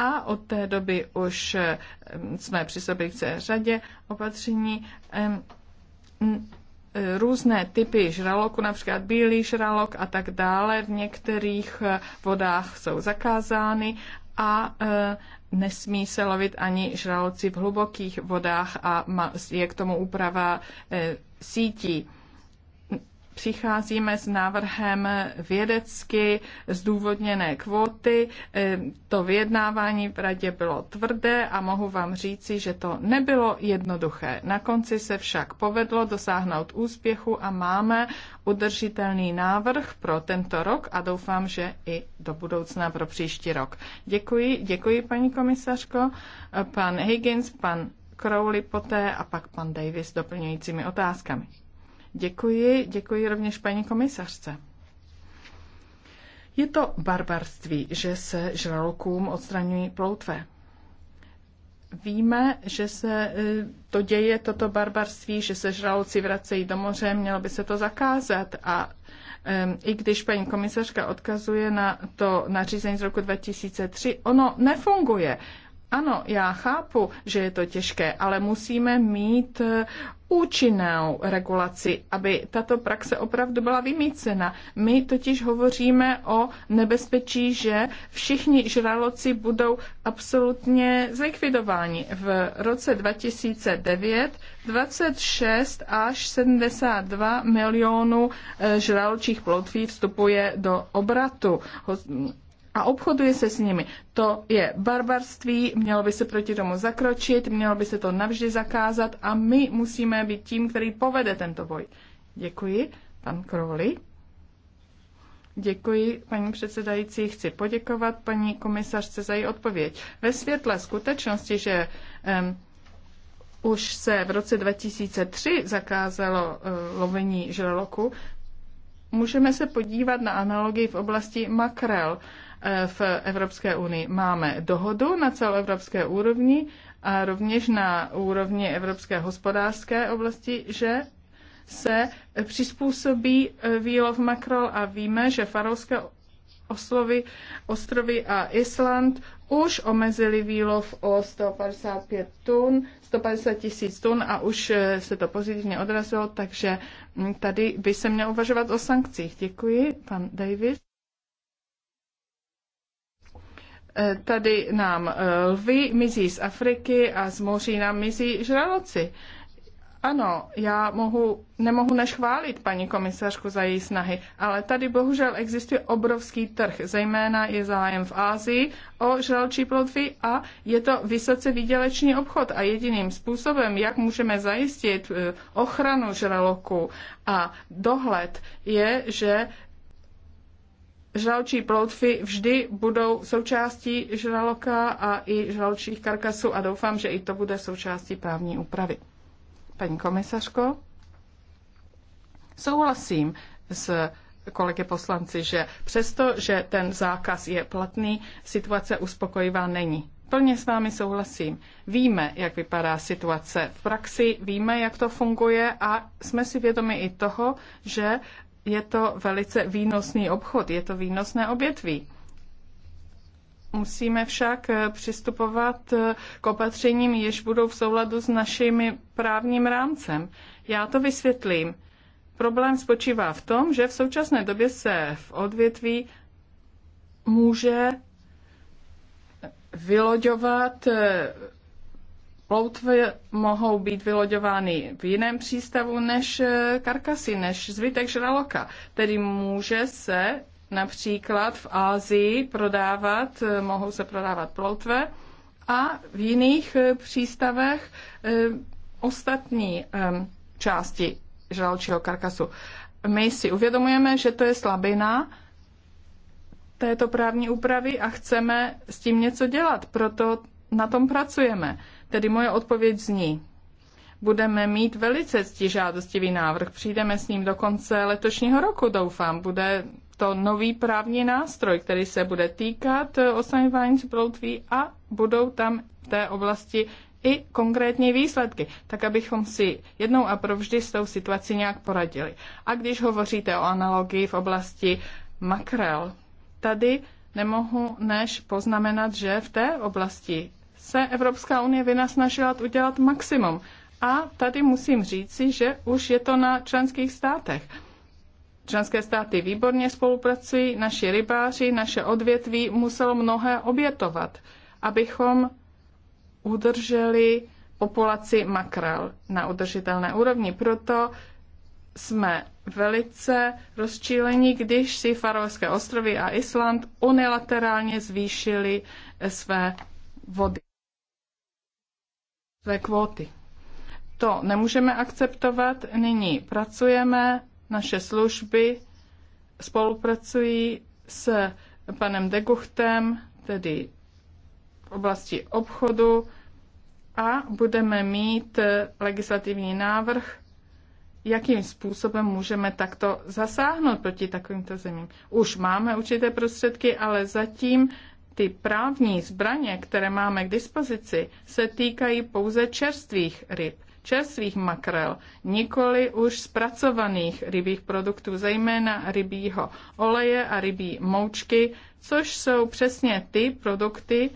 a od té doby už eh, jsme při sobě v řadě opatření. Eh, různé typy žraloku, například bílý žralok a tak dále, v některých eh, vodách jsou zakázány a nesmí se lovit ani žraloci v hlubokých vodách a je k tomu úprava sítí přicházíme s návrhem vědecky zdůvodněné kvóty. E, to vyjednávání v radě bylo tvrdé a mohu vám říci, že to nebylo jednoduché. Na konci se však povedlo dosáhnout úspěchu a máme udržitelný návrh pro tento rok a doufám, že i do budoucna pro příští rok. Děkuji, děkuji paní komisařko. Pan Higgins, pan Crowley poté a pak pan Davis s doplňujícími otázkami. Děkuji, děkuji rovněž paní komisařce. Je to barbarství, že se žralokům odstraňují ploutve. Víme, že se e, to děje, toto barbarství, že se žraloci vracejí do moře, mělo by se to zakázat. A e, i když paní komisařka odkazuje na to nařízení z roku 2003, ono nefunguje. Ano, já chápu, že je to těžké, ale musíme mít eh, účinnou regulaci, aby tato praxe opravdu byla vymícena. My totiž hovoříme o nebezpečí, že všichni žraloci budou absolutně zlikvidováni. V roce 2009 26 až 72 milionů eh, žraločích plotví vstupuje do obratu a obchoduje se s nimi. To je barbarství, mělo by se proti tomu zakročit, mělo by se to navždy zakázat a my musíme být tím, který povede tento boj. Děkuji, pan Crowley. Děkuji, paní předsedající. Chci poděkovat paní komisařce za její odpověď. Ve světle skutečnosti, že um, už se v roce 2003 zakázalo uh, lovení žraloku, můžeme se podívat na analogii v oblasti makrel. Uh, E, v Evropské unii. Máme dohodu na celoevropské úrovni a rovněž na úrovni Evropské hospodářské oblasti, že se přizpůsobí e, výlov makrol a víme, že farolské oslovy, ostrovy a Island už omezili výlov o 155 tun, 150 tisíc tun a už e, se to pozitivně odrazilo, takže tady by se měl uvažovat o sankcích. Děkuji, pan Davis. Eh, tady nám eh, lvy mizí z Afriky a z moří nám mizí žraloci. Ano, já mohu, nemohu než chválit paní komisařku za její snahy, ale tady bohužel existuje obrovský trh, zejména je zájem v Ázii o žralčí plodvy a je to vysoce výdělečný obchod a jediným způsobem, jak můžeme zajistit eh, ochranu žraloku a dohled, je, že žraločí ploutvy vždy budou součástí žraloka a i žraločích karkasů a doufám, že i to bude součástí právní úpravy. Paní komisařko, souhlasím s kolegy poslanci, že přesto, že ten zákaz je platný, situace uspokojivá není. Plně s vámi souhlasím. Víme, jak vypadá situace v praxi, víme, jak to funguje a jsme si vědomi i toho, že je to velice výnosný obchod, je to výnosné obětví. Musíme však eh, přistupovat eh, k opatřením, jež budou v souladu s naším právním rámcem. Já to vysvětlím. Problém spočívá v tom, že v současné době se v odvětví může vyloďovat eh, ploutvy mohou být vyloďovány v jiném přístavu než eh, karkasy, než zbytek žraloka. Tedy může se například v Ázii prodávat, eh, mohou se prodávat ploutve a v jiných eh, přístavech ostatní části žraločího karkasu. My si uvědomujeme, že to je slabina této právní úpravy a chceme s tím něco dělat. Proto na tom pracujeme. Tedy moje odpověď zní, budeme mít velice ctižádostivý návrh. Přijdeme s ním do konce letošního roku, doufám. Bude to nový právní nástroj, který se bude týkat eh, osaňování zbrodví a budou tam v té oblasti i konkrétní výsledky, tak abychom si jednou a provždy s tou situací nějak poradili. A když hovoříte o analogii v oblasti makrel, tady nemohu než poznamenat, že v té oblasti se Evropská unie vynasnažila udělat maximum. A tady musím říci, že už je to na členských státech. Členské státy výborně spolupracují, naši rybáři, naše odvětví muselo mnohé obětovat, abychom udrželi populaci makrel na udržitelné úrovni. Proto jsme velice rozčílení, když si Farovské ostrovy a Island unilaterálně zvýšili své vody své kvóty. To nemůžeme akceptovat. Nyní pracujeme, naše služby spolupracují s panem Deguchtem, tedy v oblasti obchodu, a budeme mít legislativní návrh, jakým způsobem můžeme takto zasáhnout proti takovýmto zemím. Už máme určité prostředky, ale zatím ty právní zbraně, které máme k dispozici, se týkají pouze čerstvých ryb, čerstvých makrel, nikoli už zpracovaných rybích produktů, zejména rybího oleje a rybí moučky, což jsou přesně ty produkty,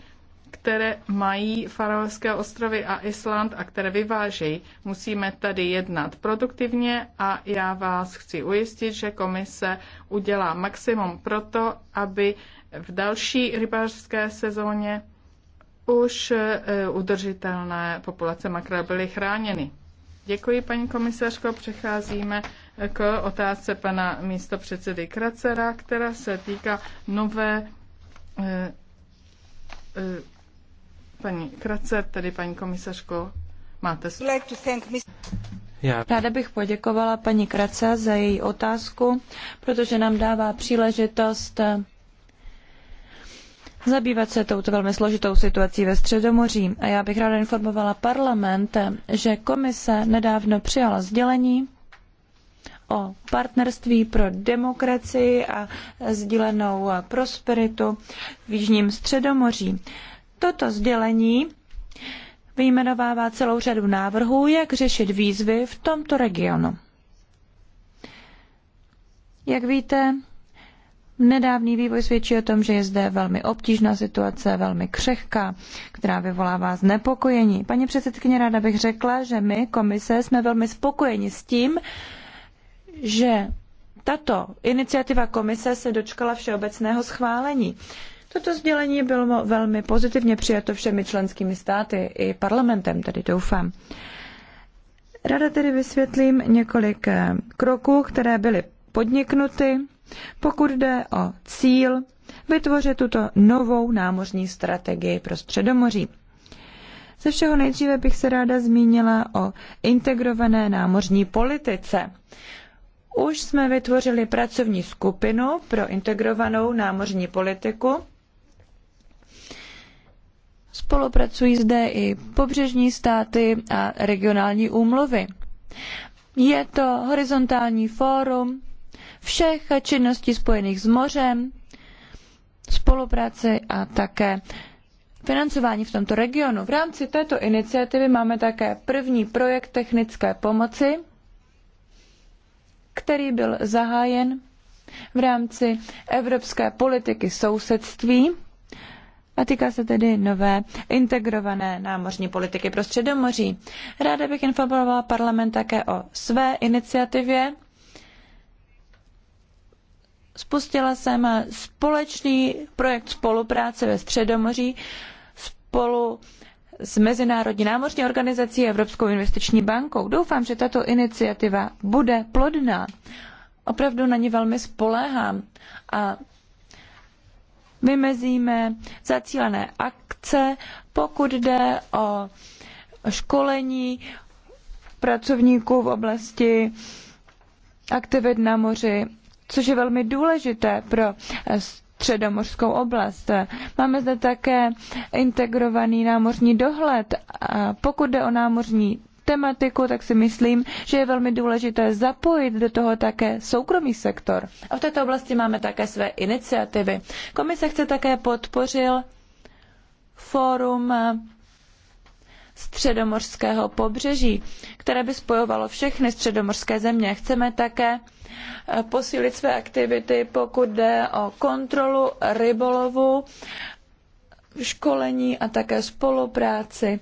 které mají Farovské ostrovy a Island a které vyvážejí. Musíme tady jednat produktivně a já vás chci ujistit, že komise udělá maximum pro to, aby v další rybářské sezóně už e, udržitelné populace makrel byly chráněny. Děkuji, paní komisařko. Přecházíme e, k otázce pana místopředsedy Kracera, která se týká nové e, paní Kracer, tedy paní komisařko, máte slovo. Ráda bych poděkovala paní Krace za její otázku, protože nám dává příležitost zabývat se touto velmi složitou situací ve Středomoří. A já bych ráda informovala parlament, že komise nedávno přijala sdělení o partnerství pro demokracii a sdílenou prosperitu v Jižním Středomoří. Toto sdělení vyjmenovává celou řadu návrhů, jak řešit výzvy v tomto regionu. Jak víte, Nedávný vývoj svědčí o tom, že je zde velmi obtížná situace, velmi křehká, která vyvolává znepokojení. Paní předsedkyně, ráda bych řekla, že my, komise, jsme velmi spokojeni s tím, že tato iniciativa komise se dočkala všeobecného schválení. Toto sdělení bylo velmi pozitivně přijato všemi členskými státy i parlamentem, tedy doufám. Rada tedy vysvětlím několik eh, kroků, které byly podniknuty pokud jde o cíl vytvořit tuto novou námořní strategii pro Středomoří. Ze všeho nejdříve bych se ráda zmínila o integrované námořní politice. Už jsme vytvořili pracovní skupinu pro integrovanou námořní politiku. Spolupracují zde i pobřežní státy a regionální úmluvy. Je to horizontální fórum všech činností spojených s mořem, spolupráci a také financování v tomto regionu. V rámci této iniciativy máme také první projekt technické pomoci, který byl zahájen v rámci evropské politiky sousedství a týká se tedy nové integrované námořní politiky pro Středomoří. Ráda bych informovala parlament také o své iniciativě, spustila jsem společný projekt spolupráce ve Středomoří spolu s Mezinárodní námořní organizací a Evropskou investiční bankou. Doufám, že tato iniciativa bude plodná. Opravdu na ní velmi spoléhám a vymezíme zacílené akce, pokud jde o školení pracovníků v oblasti aktivit na moři což je velmi důležité pro eh, středomořskou oblast. Máme zde také integrovaný námořní dohled. A pokud jde o námořní tematiku, tak si myslím, že je velmi důležité zapojit do toho také soukromý sektor. A v této oblasti máme také své iniciativy. Komise chce také podpořil fórum eh, středomořského pobřeží, které by spojovalo všechny středomorské země. Chceme také eh, posílit své aktivity, pokud jde o kontrolu rybolovu, školení a také spolupráci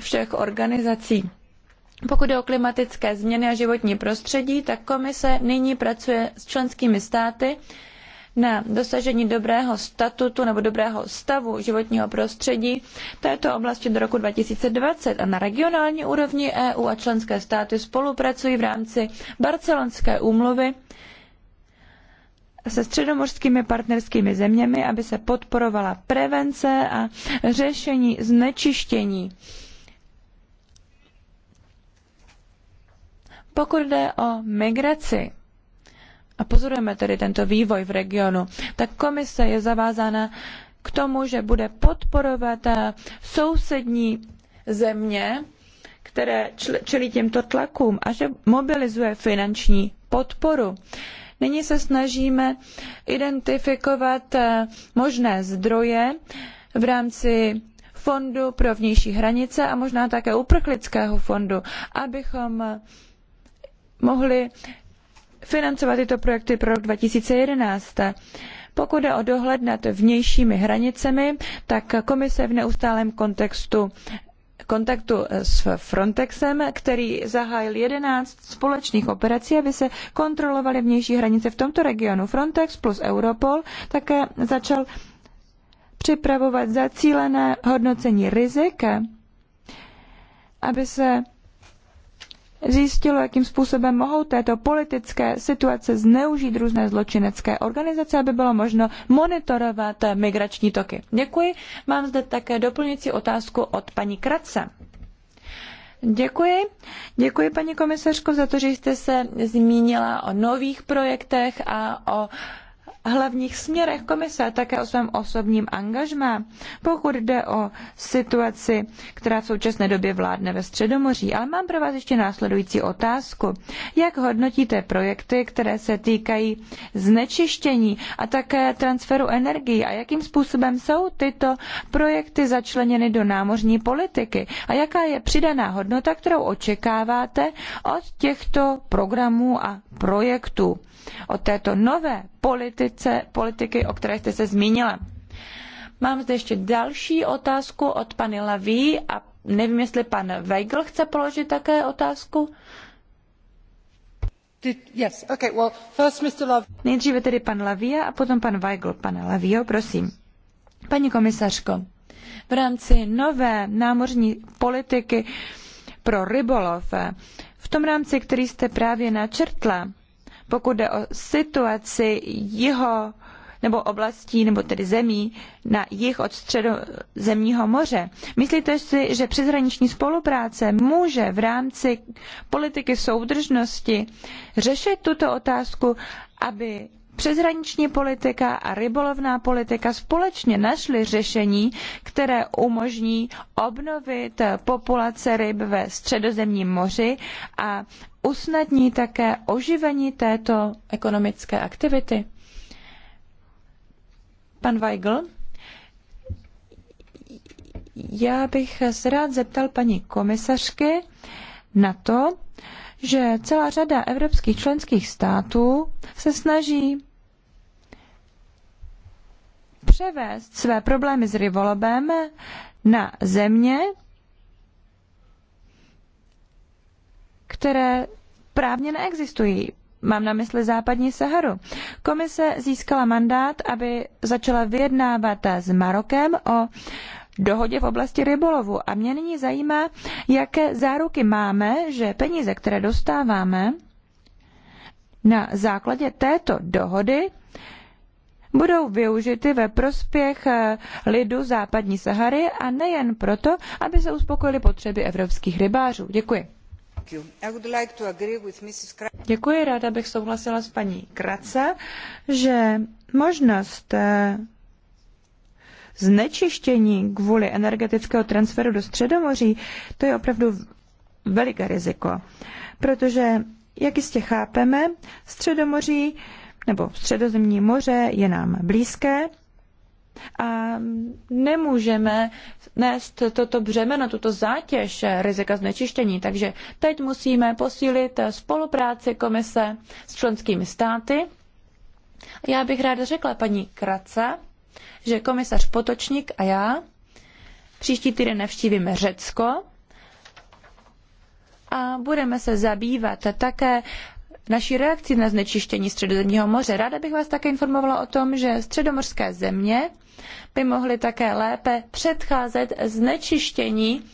všech organizací. Pokud jde o klimatické změny a životní prostředí, tak komise nyní pracuje s členskými státy na dosažení dobrého statutu nebo dobrého stavu životního prostředí této oblasti do roku 2020 a na regionální úrovni EU a členské státy spolupracují v rámci barcelonské úmluvy se středomořskými partnerskými zeměmi, aby se podporovala prevence a řešení znečištění. Pokud jde o migraci, a pozorujeme tedy tento vývoj v regionu, tak komise je zavázána k tomu, že bude podporovat eh, sousední země, které čelí těmto tlakům a že mobilizuje finanční podporu. Nyní se snažíme identifikovat eh, možné zdroje v rámci fondu pro vnější hranice a možná také uprchlického fondu, abychom eh, mohli financovat tyto projekty pro rok 2011. Pokud jde o dohled nad vnějšími hranicemi, tak komise v neustálém kontextu kontaktu s Frontexem, který zahájil 11 společných operací, aby se kontrolovaly vnější hranice v tomto regionu. Frontex plus Europol také začal připravovat zacílené hodnocení rizik, aby se zjistilo, jakým způsobem mohou této politické situace zneužít různé zločinecké organizace, aby bylo možno monitorovat migrační toky. Děkuji. Mám zde také doplňující otázku od paní Kratce. Děkuji. Děkuji, paní komisařko, za to, že jste se zmínila o nových projektech a o hlavních směrech komise a také o svém osobním angažmá, pokud jde o situaci, která v současné době vládne ve Středomoří. Ale mám pro vás ještě následující otázku. Jak hodnotíte projekty, které se týkají znečištění a také transferu energií a jakým způsobem jsou tyto projekty začleněny do námořní politiky a jaká je přidaná hodnota, kterou očekáváte od těchto programů a projektů? o této nové politice, politiky, o které jste se zmínila. Mám zde ještě další otázku od pany Laví a nevím, jestli pan Weigl chce položit také otázku. Yes, okay, well, first Mr. Lav... Nejdříve tedy pan Lavia a potom pan Weigl. Pane Lavio, prosím. Paní komisařko, v rámci nové námořní politiky pro rybolov, v tom rámci, který jste právě načrtla, pokud jde o situaci jeho nebo oblastí, nebo tedy zemí na jih od středozemního moře. Myslíte si, že přeshraniční spolupráce může v rámci politiky soudržnosti řešit tuto otázku, aby přeshraniční politika a rybolovná politika společně našly řešení, které umožní obnovit populace ryb ve středozemním moři a usnadní také oživení této ekonomické aktivity. Pan Weigl, já bych se rád zeptal paní komisařky na to, že celá řada evropských členských států se snaží převést své problémy s rivolobem na země, které právně neexistují. Mám na mysli západní Saharu. Komise získala mandát, aby začala vyjednávat s Marokem o dohodě v oblasti rybolovu. A mě nyní zajímá, jaké záruky máme, že peníze, které dostáváme na základě této dohody, budou využity ve prospěch eh, lidu západní Sahary a nejen proto, aby se uspokojily potřeby evropských rybářů. Děkuji. Děkuji, ráda bych souhlasila s paní Krace, že možnost eh, znečištění kvůli energetického transferu do Středomoří, to je opravdu veliké riziko. Protože, jak jistě chápeme, Středomoří nebo středozemní moře je nám blízké a nemůžeme nést toto břemeno, tuto zátěž rizika znečištění. Takže teď musíme posílit spolupráci komise s členskými státy. Já bych ráda řekla paní Krace, že komisař Potočník a já příští týden navštívíme Řecko a budeme se zabývat také naší reakcí na znečištění Středozemního moře. Ráda bych vás také informovala o tom, že středomorské země by mohly také lépe předcházet znečištění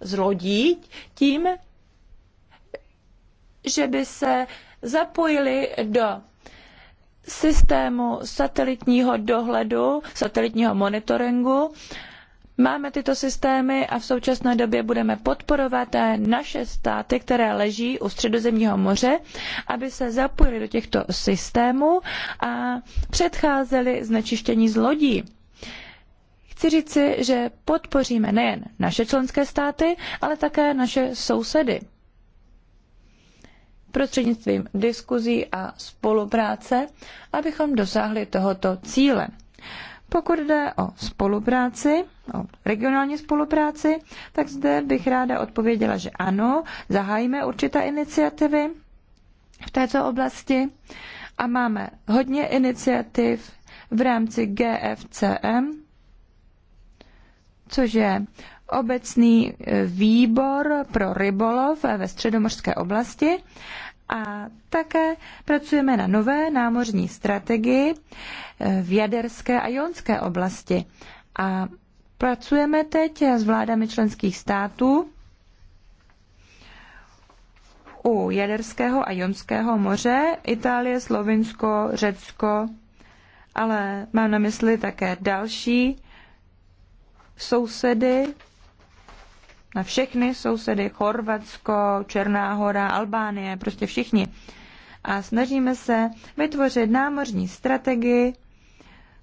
z lodí tím, že by se zapojili do systému satelitního dohledu, satelitního monitoringu Máme tyto systémy a v současné době budeme podporovat eh, naše státy, které leží u Středozemního moře, aby se zapojily do těchto systémů a předcházeli znečištění z lodí. Chci říci, že podpoříme nejen naše členské státy, ale také naše sousedy. Prostřednictvím diskuzí a spolupráce, abychom dosáhli tohoto cíle. Pokud jde o spolupráci, o regionální spolupráci, tak zde bych ráda odpověděla, že ano, zahájíme určité iniciativy v této oblasti a máme hodně iniciativ v rámci GFCM, což je obecný e, výbor pro rybolov ve středomořské oblasti a také pracujeme na nové námořní strategii eh, v jaderské a jonské oblasti. A pracujeme teď s vládami členských států u Jaderského a Jonského moře, Itálie, Slovinsko, Řecko, ale mám na mysli také další sousedy na všechny sousedy, Chorvatsko, Černá hora, Albánie, prostě všichni. A snažíme se vytvořit námořní strategii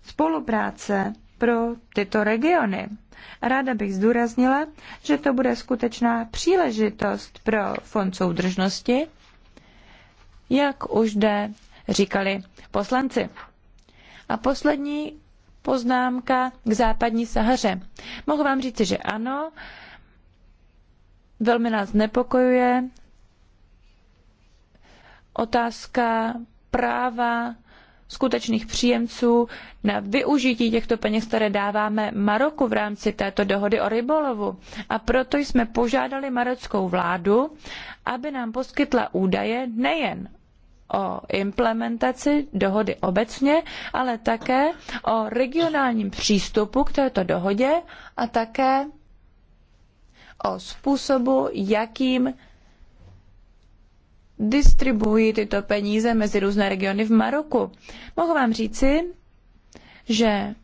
spolupráce pro tyto regiony. Ráda bych zdůraznila, že to bude skutečná příležitost pro Fond soudržnosti, jak už zde říkali poslanci. A poslední poznámka k západní Sahaře. Mohu vám říci, že ano, Velmi nás nepokojuje otázka práva skutečných příjemců na využití těchto peněz, které dáváme Maroku v rámci této dohody o rybolovu. A proto jsme požádali marockou vládu, aby nám poskytla údaje nejen o implementaci dohody obecně, ale také o regionálním přístupu k této dohodě a také o způsobu, jakým distribuují tyto peníze mezi různé regiony v Maroku. Mohu vám říci, že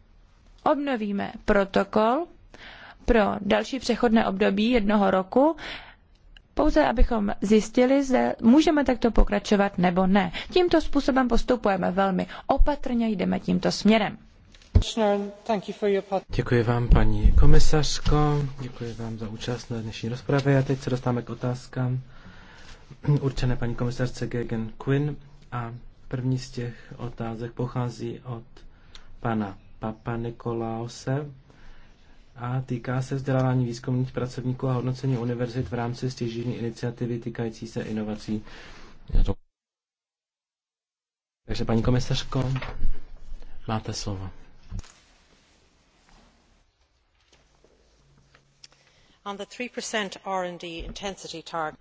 obnovíme protokol pro další přechodné období jednoho roku, pouze abychom zjistili, zda můžeme takto pokračovat nebo ne. Tímto způsobem postupujeme velmi opatrně, jdeme tímto směrem. Děkuji vám, paní komisařko, děkuji vám za účast na dnešní rozpravě a teď se dostáváme k otázkám určené paní komisařce Gegen Quinn a první z těch otázek pochází od pana Papa Nikolause a týká se vzdělávání výzkumných pracovníků a hodnocení univerzit v rámci stěžení iniciativy týkající se inovací. Takže paní komisařko, máte slovo. on the 3% R&D intensity target.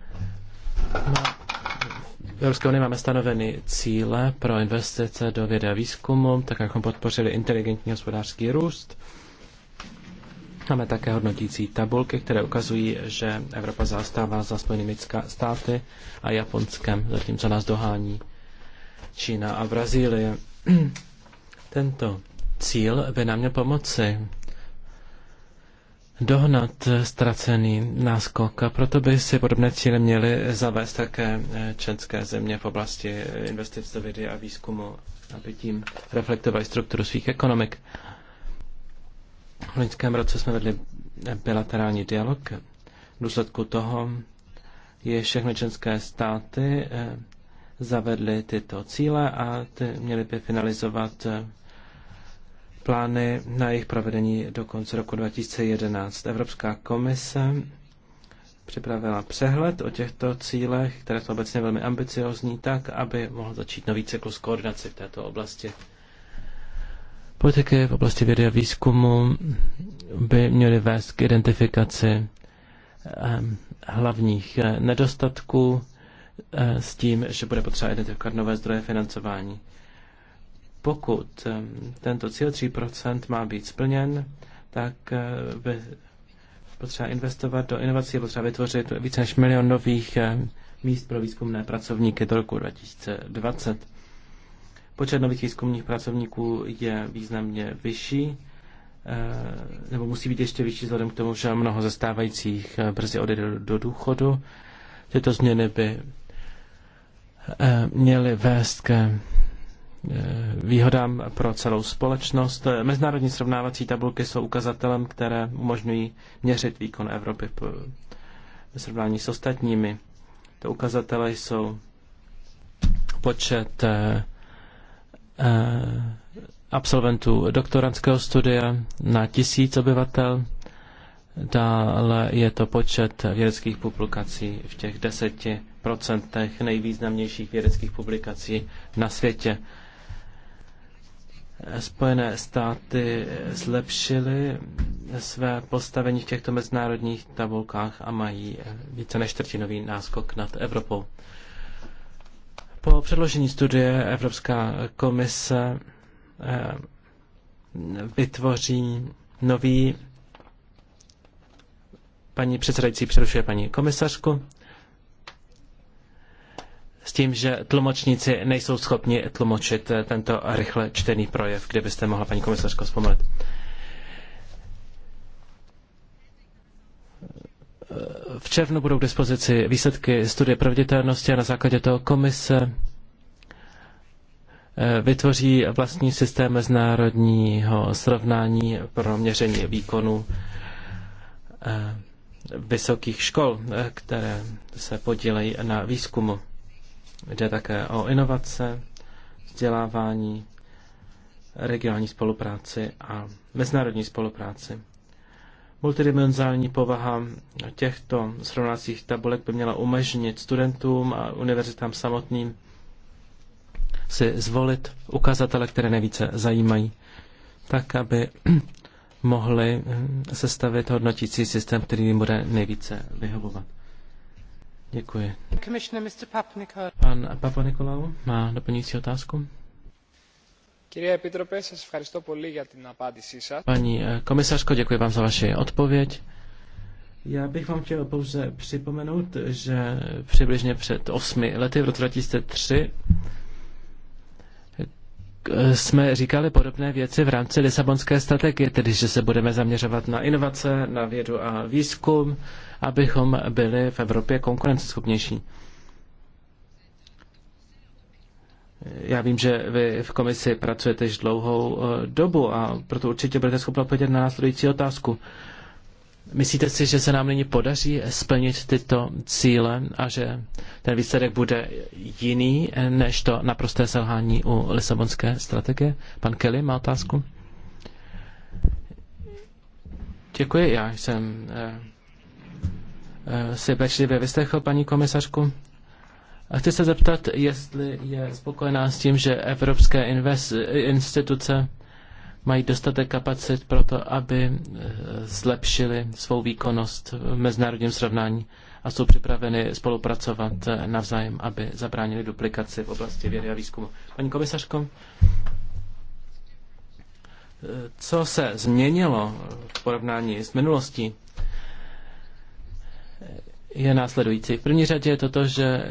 Evropské unie máme stanoveny cíle pro investice do vědy a výzkumu, tak abychom podpořili inteligentní hospodářský růst. Máme také hodnotící tabulky, které ukazují, že Evropa zastává za Spojenými státy a Japonskem, zatímco nás dohání Čína a Brazílie. Tento cíl by nám měl pomoci dohnat ztracený náskok a proto by si podobné cíle měly zavést také eh, členské země v oblasti eh, investic do vědy a výzkumu, aby tím reflektovali strukturu svých ekonomik. V loňském roce jsme vedli bilaterální dialog. V důsledku toho je všechny členské státy eh, zavedly tyto cíle a ty měly by finalizovat plány na jejich provedení do konce roku 2011. Evropská komise připravila přehled o těchto cílech, které jsou obecně velmi ambiciozní, tak, aby mohl začít nový cyklus koordinace v této oblasti. Politiky v oblasti vědy a výzkumu by měly vést k identifikaci ehm, hlavních eh, nedostatků eh, s tím, že bude potřeba identifikovat nové zdroje financování. Pokud ehm, tento cíl 3% má být splněn, tak by eh, potřeba investovat do inovací, potřeba vytvořit více než milion nových ehm, míst pro výzkumné pracovníky do roku 2020. Počet nových výzkumných pracovníků je významně vyšší, eh, nebo musí být ještě vyšší vzhledem k tomu, že mnoho zastávajících eh, brzy odejde do důchodu. Tyto změny by měly vést ke výhodám pro celou společnost. Mezinárodní srovnávací tabulky jsou ukazatelem, které umožňují měřit výkon Evropy ve srovnání s ostatními. To ukazatele jsou počet eh, eh, absolventů doktorantského studia na tisíc obyvatel, dále je to počet vědeckých publikací v těch deseti procentech nejvýznamnějších vědeckých publikací na světě. Spojené státy zlepšily své postavení v těchto mezinárodních tabulkách a mají více než čtvrtinový náskok nad Evropou. Po předložení studie Evropská komise eh, vytvoří nový paní předsedající přerušuje paní komisařku s tím, že tlumočníci nejsou schopni tlumočit eh, tento rychle čtený projev, kde byste mohla paní komisařko zpomalit. V červnu budou k dispozici výsledky studie proveditelnosti a na základě toho komise eh, vytvoří vlastní systém mezinárodního srovnání pro měření výkonu eh, vysokých škol, které se podílejí na výzkumu. Jde také o inovace, vzdělávání, regionální spolupráci a mezinárodní spolupráci. Multidimenzální povaha těchto srovnacích tabulek by měla umožnit studentům a univerzitám samotným si zvolit ukazatele, které nejvíce zajímají, tak aby mohli sestavit hodnotící systém, který jim bude nejvíce vyhovovat. Děkuji. Pan Papa má doplňující otázku. Paní eh, komisařko, děkuji vám za vaši odpověď. Já bych vám chtěl pouze připomenout, že přibližně před osmi lety, v roce 2003, jsme říkali podobné věci v rámci Lisabonské strategie, tedy že se budeme zaměřovat na inovace, na vědu a výzkum, abychom byli v Evropě konkurenceschopnější. Já vím, že vy v komisi pracujete již dlouhou eh, dobu a proto určitě budete schopni odpovědět na následující otázku. Myslíte si, že se nám nyní podaří splnit tyto cíle a že ten výsledek bude jiný než to naprosté selhání u Lisabonské strategie? Pan Kelly má otázku. Děkuji, já jsem eh, eh, si pečlivě vyslechl paní komisařku. A chci se zeptat, jestli je spokojená s tím, že evropské invest, instituce mají dostatek kapacit pro to, aby eh, zlepšili svou výkonnost v mezinárodním srovnání a jsou připraveny spolupracovat eh, navzájem, aby zabránili duplikaci v oblasti vědy a výzkumu. Paní komisařko, eh, co se změnilo v porovnání s minulostí, je následující. V první řadě je to to, že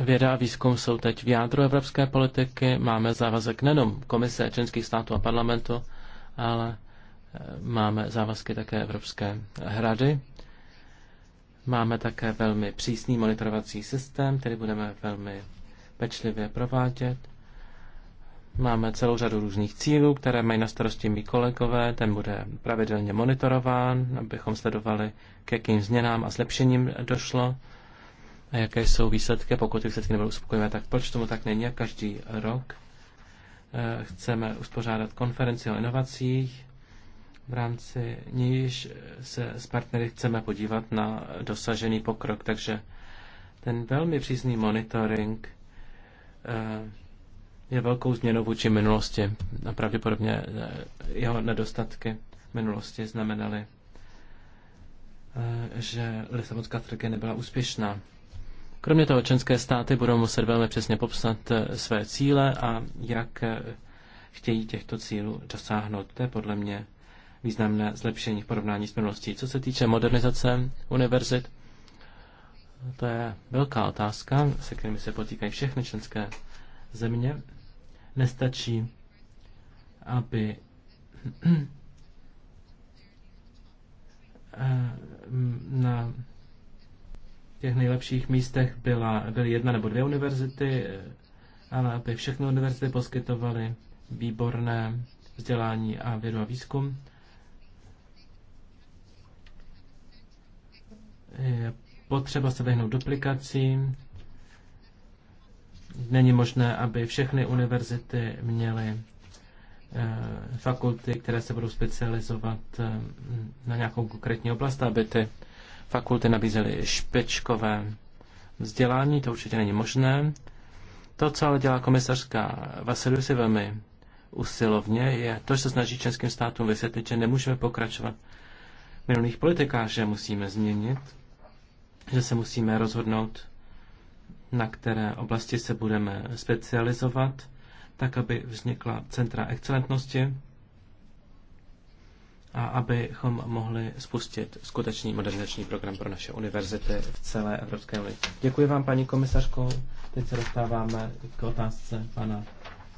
Věda a výzkum jsou teď v jádru evropské politiky. Máme závazek nejenom komise členských států a parlamentu, ale eh, máme závazky také Evropské hrady. Máme také velmi přísný monitorovací systém, který budeme velmi pečlivě provádět. Máme celou řadu různých cílů, které mají na starosti mý kolegové. Ten bude pravidelně monitorován, abychom sledovali, k jakým změnám a zlepšením došlo a jaké jsou výsledky. Pokud ty výsledky nebudou uspokojivé, tak proč tomu tak není? A každý rok eh, chceme uspořádat konferenci o inovacích, v rámci níž se s partnery chceme podívat na dosažený pokrok. Takže ten velmi přísný monitoring eh, je velkou změnou vůči minulosti. A pravděpodobně eh, jeho nedostatky minulosti znamenaly, že Lisabonská strategie nebyla úspěšná. Kromě toho členské státy budou muset velmi přesně popsat eh, své cíle a jak eh, chtějí těchto cílů dosáhnout. To je podle mě významné zlepšení v porovnání s minulostí. Co se týče modernizace univerzit, to je velká otázka, se kterými se potýkají všechny členské země. Nestačí, aby eh, na těch nejlepších místech byla, byly jedna nebo dvě univerzity, eh, ale aby všechny univerzity poskytovaly výborné vzdělání a vědu a výzkum. Je potřeba se vyhnout duplikacím. Není možné, aby všechny univerzity měly eh, fakulty, které se budou specializovat eh, na nějakou konkrétní oblast, aby ty fakulty nabízely špičkové vzdělání, to určitě není možné. To, co ale dělá komisařka Vasilius si velmi usilovně, je to, že se snaží českým státům vysvětlit, že nemůžeme pokračovat v minulých politikách, že musíme změnit, že se musíme rozhodnout, na které oblasti se budeme specializovat, tak, aby vznikla centra excelentnosti, a abychom mohli spustit skutečný modernizační program pro naše univerzity v celé Evropské unii. Děkuji vám, paní komisařko. Teď se dostáváme k otázce pana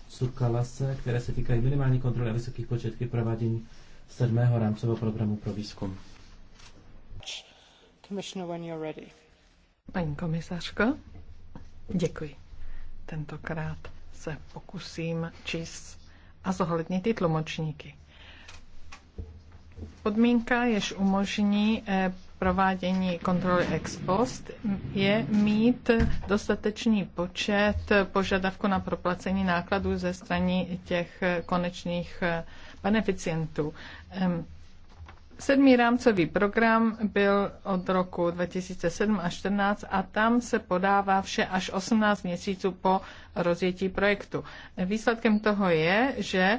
Surkalase, které se týkají minimální kontroly a vysokých početky provádění sedmého rámcového programu pro výzkum. Paní komisařko, děkuji. Tentokrát se pokusím číst a zohlednit i tlumočníky. Podmínka, jež umožní eh, provádění kontroly ex post, je mít dostatečný počet požadavku na proplacení nákladů ze strany těch eh, konečných eh, beneficientů. Sedmý rámcový program byl od roku 2007 až 2014 a tam se podává vše až 18 měsíců po rozjetí projektu. Výsledkem toho je, že e,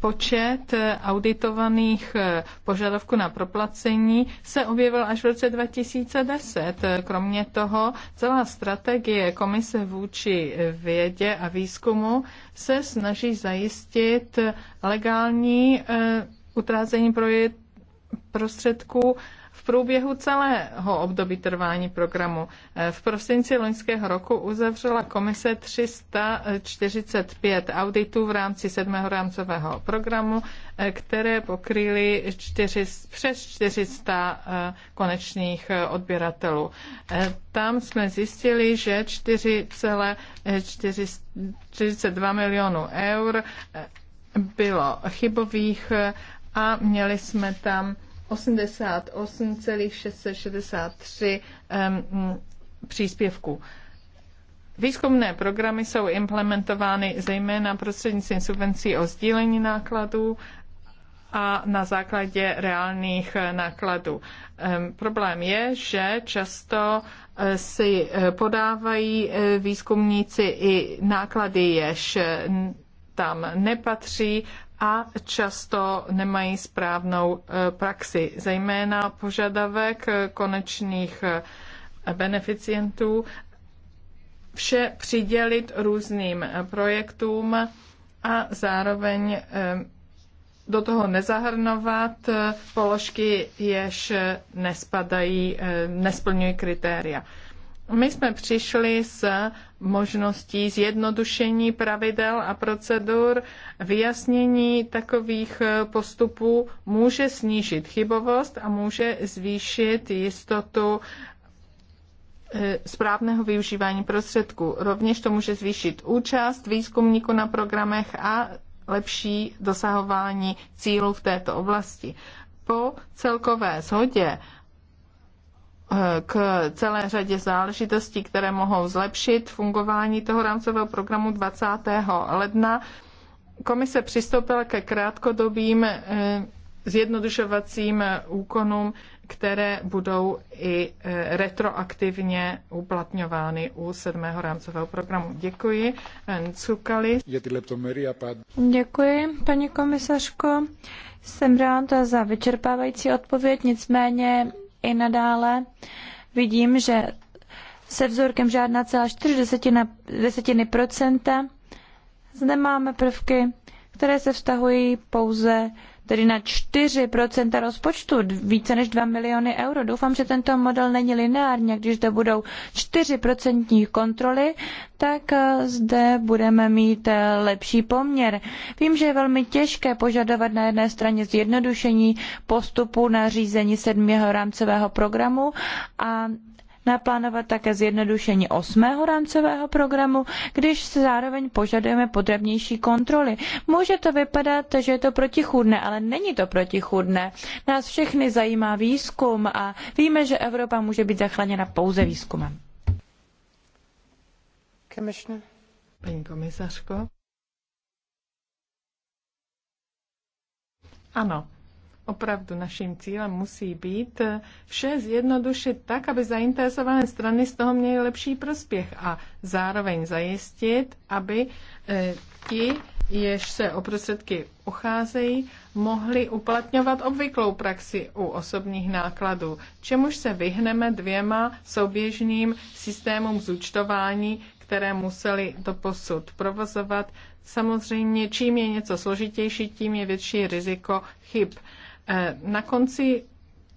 počet auditovaných e, požadavků na proplacení se objevil až v roce 2010. E, kromě toho celá strategie Komise vůči vědě a výzkumu se snaží zajistit legální utrácení projekt prostředků v průběhu celého období trvání programu. V prosinci loňského roku uzavřela komise 345 auditů v rámci sedmého rámcového programu, eh, které pokryly přes 400 eh, konečných eh, odběratelů. Tam jsme zjistili, že 4,42 milionů eur bylo chybových a měli jsme tam 88,663 um, mm, příspěvků. Výzkumné programy jsou implementovány zejména prostřednictvím subvencí o sdílení nákladů a na základě reálných eh, nákladů. Problém je, že často eh, si eh, podávají výzkumníci i náklady, jež tam nepatří a často nemají správnou e, praxi, zejména požadavek konečných e, beneficientů vše přidělit různým e, projektům a zároveň do toho nezahrnovat položky, jež nespadají, nesplňují kritéria. My jsme přišli s možností zjednodušení pravidel a procedur, vyjasnění takových eh, postupů může snížit chybovost a může zvýšit jistotu eh, správného využívání prostředků. Rovněž to může zvýšit účast výzkumníků na programech a lepší dosahování cílů v této oblasti. Po celkové shodě k celé řadě záležitostí, které mohou zlepšit fungování toho rámcového programu 20. ledna. Komise přistoupila ke krátkodobým eh, zjednodušovacím úkonům, které budou i eh, retroaktivně uplatňovány u sedmého rámcového programu. Děkuji. Cukali. Děkuji, paní komisařko. Jsem ráda za vyčerpávající odpověď, nicméně i nadále. Vidím, že se vzorkem žádná celá 4 desetina, desetiny procenta zde máme prvky, které se vztahují pouze tedy na 4% rozpočtu, více než 2 miliony euro. Doufám, že tento model není lineární a když zde budou 4% kontroly, tak eh, zde budeme mít eh, lepší poměr. Vím, že je velmi těžké požadovat na jedné straně zjednodušení postupu na řízení sedmého rámcového programu a naplánovat také zjednodušení osmého rámcového programu, když zároveň požadujeme podrobnější kontroly. Může to vypadat, že je to protichůdné, ale není to protichůdné. Nás všechny zajímá výzkum a víme, že Evropa může být zachráněna pouze výzkumem. Paní komisařko. Ano, opravdu naším cílem musí být vše zjednodušit tak, aby zainteresované strany z toho měly lepší prospěch a zároveň zajistit, aby eh, ti, jež se o prostředky ucházejí, mohli uplatňovat obvyklou praxi u osobních nákladů, čemuž se vyhneme dvěma souběžným systémům zúčtování, které museli posud provozovat. Samozřejmě, čím je něco složitější, tím je větší riziko chyb. Eh, na konci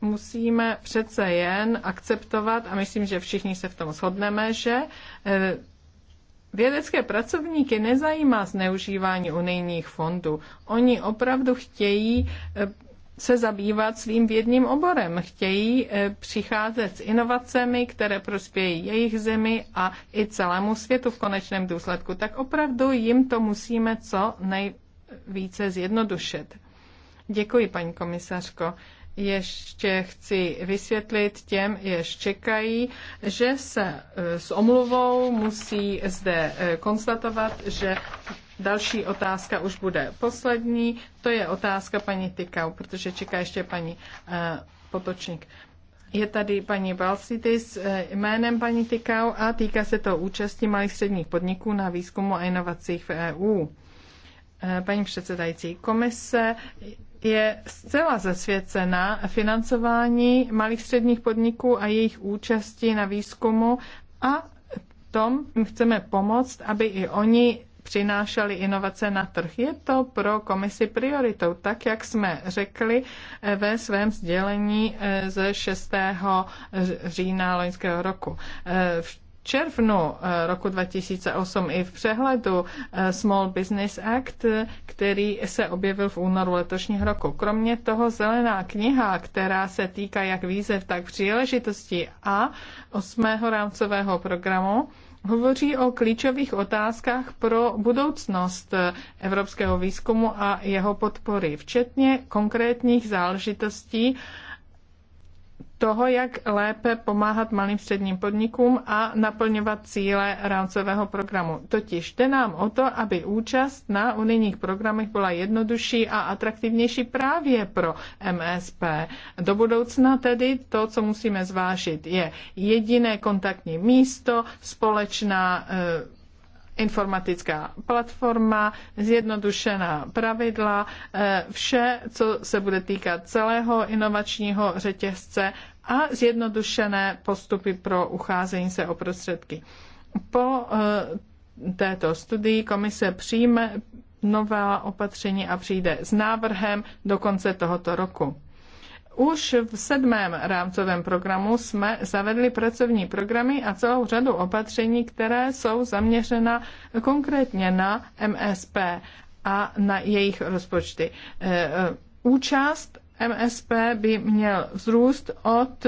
musíme přece jen akceptovat, a myslím, že všichni se v tom shodneme, že eh, Vědecké pracovníky nezajímá zneužívání unijních fondů. Oni opravdu chtějí eh, se zabývat svým vědním oborem. Chtějí přicházet s inovacemi, které prospějí jejich zemi a i celému světu v konečném důsledku. Tak opravdu jim to musíme co nejvíce zjednodušit. Děkuji, paní komisařko. Ještě chci vysvětlit těm, jež čekají, že se e, s omluvou musí zde e, konstatovat, že další otázka už bude poslední. To je otázka paní Tykau, protože čeká ještě paní e, Potočník. Je tady paní Balsitis jménem paní Tykau a týká se to účasti malých středních podniků na výzkumu a inovacích v EU. Paní předsedající, komise je zcela zasvěcena financování malých středních podniků a jejich účasti na výzkumu a tom chceme pomoct, aby i oni přinášeli inovace na trh. Je to pro komisi prioritou, tak jak jsme řekli eh, ve svém sdělení eh, ze 6. října loňského roku. Eh, v červnu eh, roku 2008 i v přehledu eh, Small Business Act, který se objevil v únoru letošního roku. Kromě toho zelená kniha, která se týká jak výzev, tak příležitostí a osmého rámcového programu, hovoří o klíčových otázkách pro budoucnost eh, evropského výzkumu a jeho podpory, včetně konkrétních záležitostí, toho, jak lépe pomáhat malým středním podnikům a naplňovat cíle rámcového programu. Totiž jde nám o to, aby účast na unijních programech byla jednodušší a atraktivnější právě pro MSP. Do budoucna tedy to, co musíme zvážit, je jediné kontaktní místo, společná eh, informatická platforma, zjednodušená pravidla, eh, vše, co se bude týkat celého inovačního řetězce a zjednodušené postupy pro ucházení se o prostředky. Po eh, této studii komise přijme nová opatření a přijde s návrhem do konce tohoto roku. Už v sedmém rámcovém programu jsme zavedli pracovní programy a celou řadu opatření, které jsou zaměřena konkrétně na MSP a na jejich rozpočty. Eh, eh, účast MSP by měl vzrůst od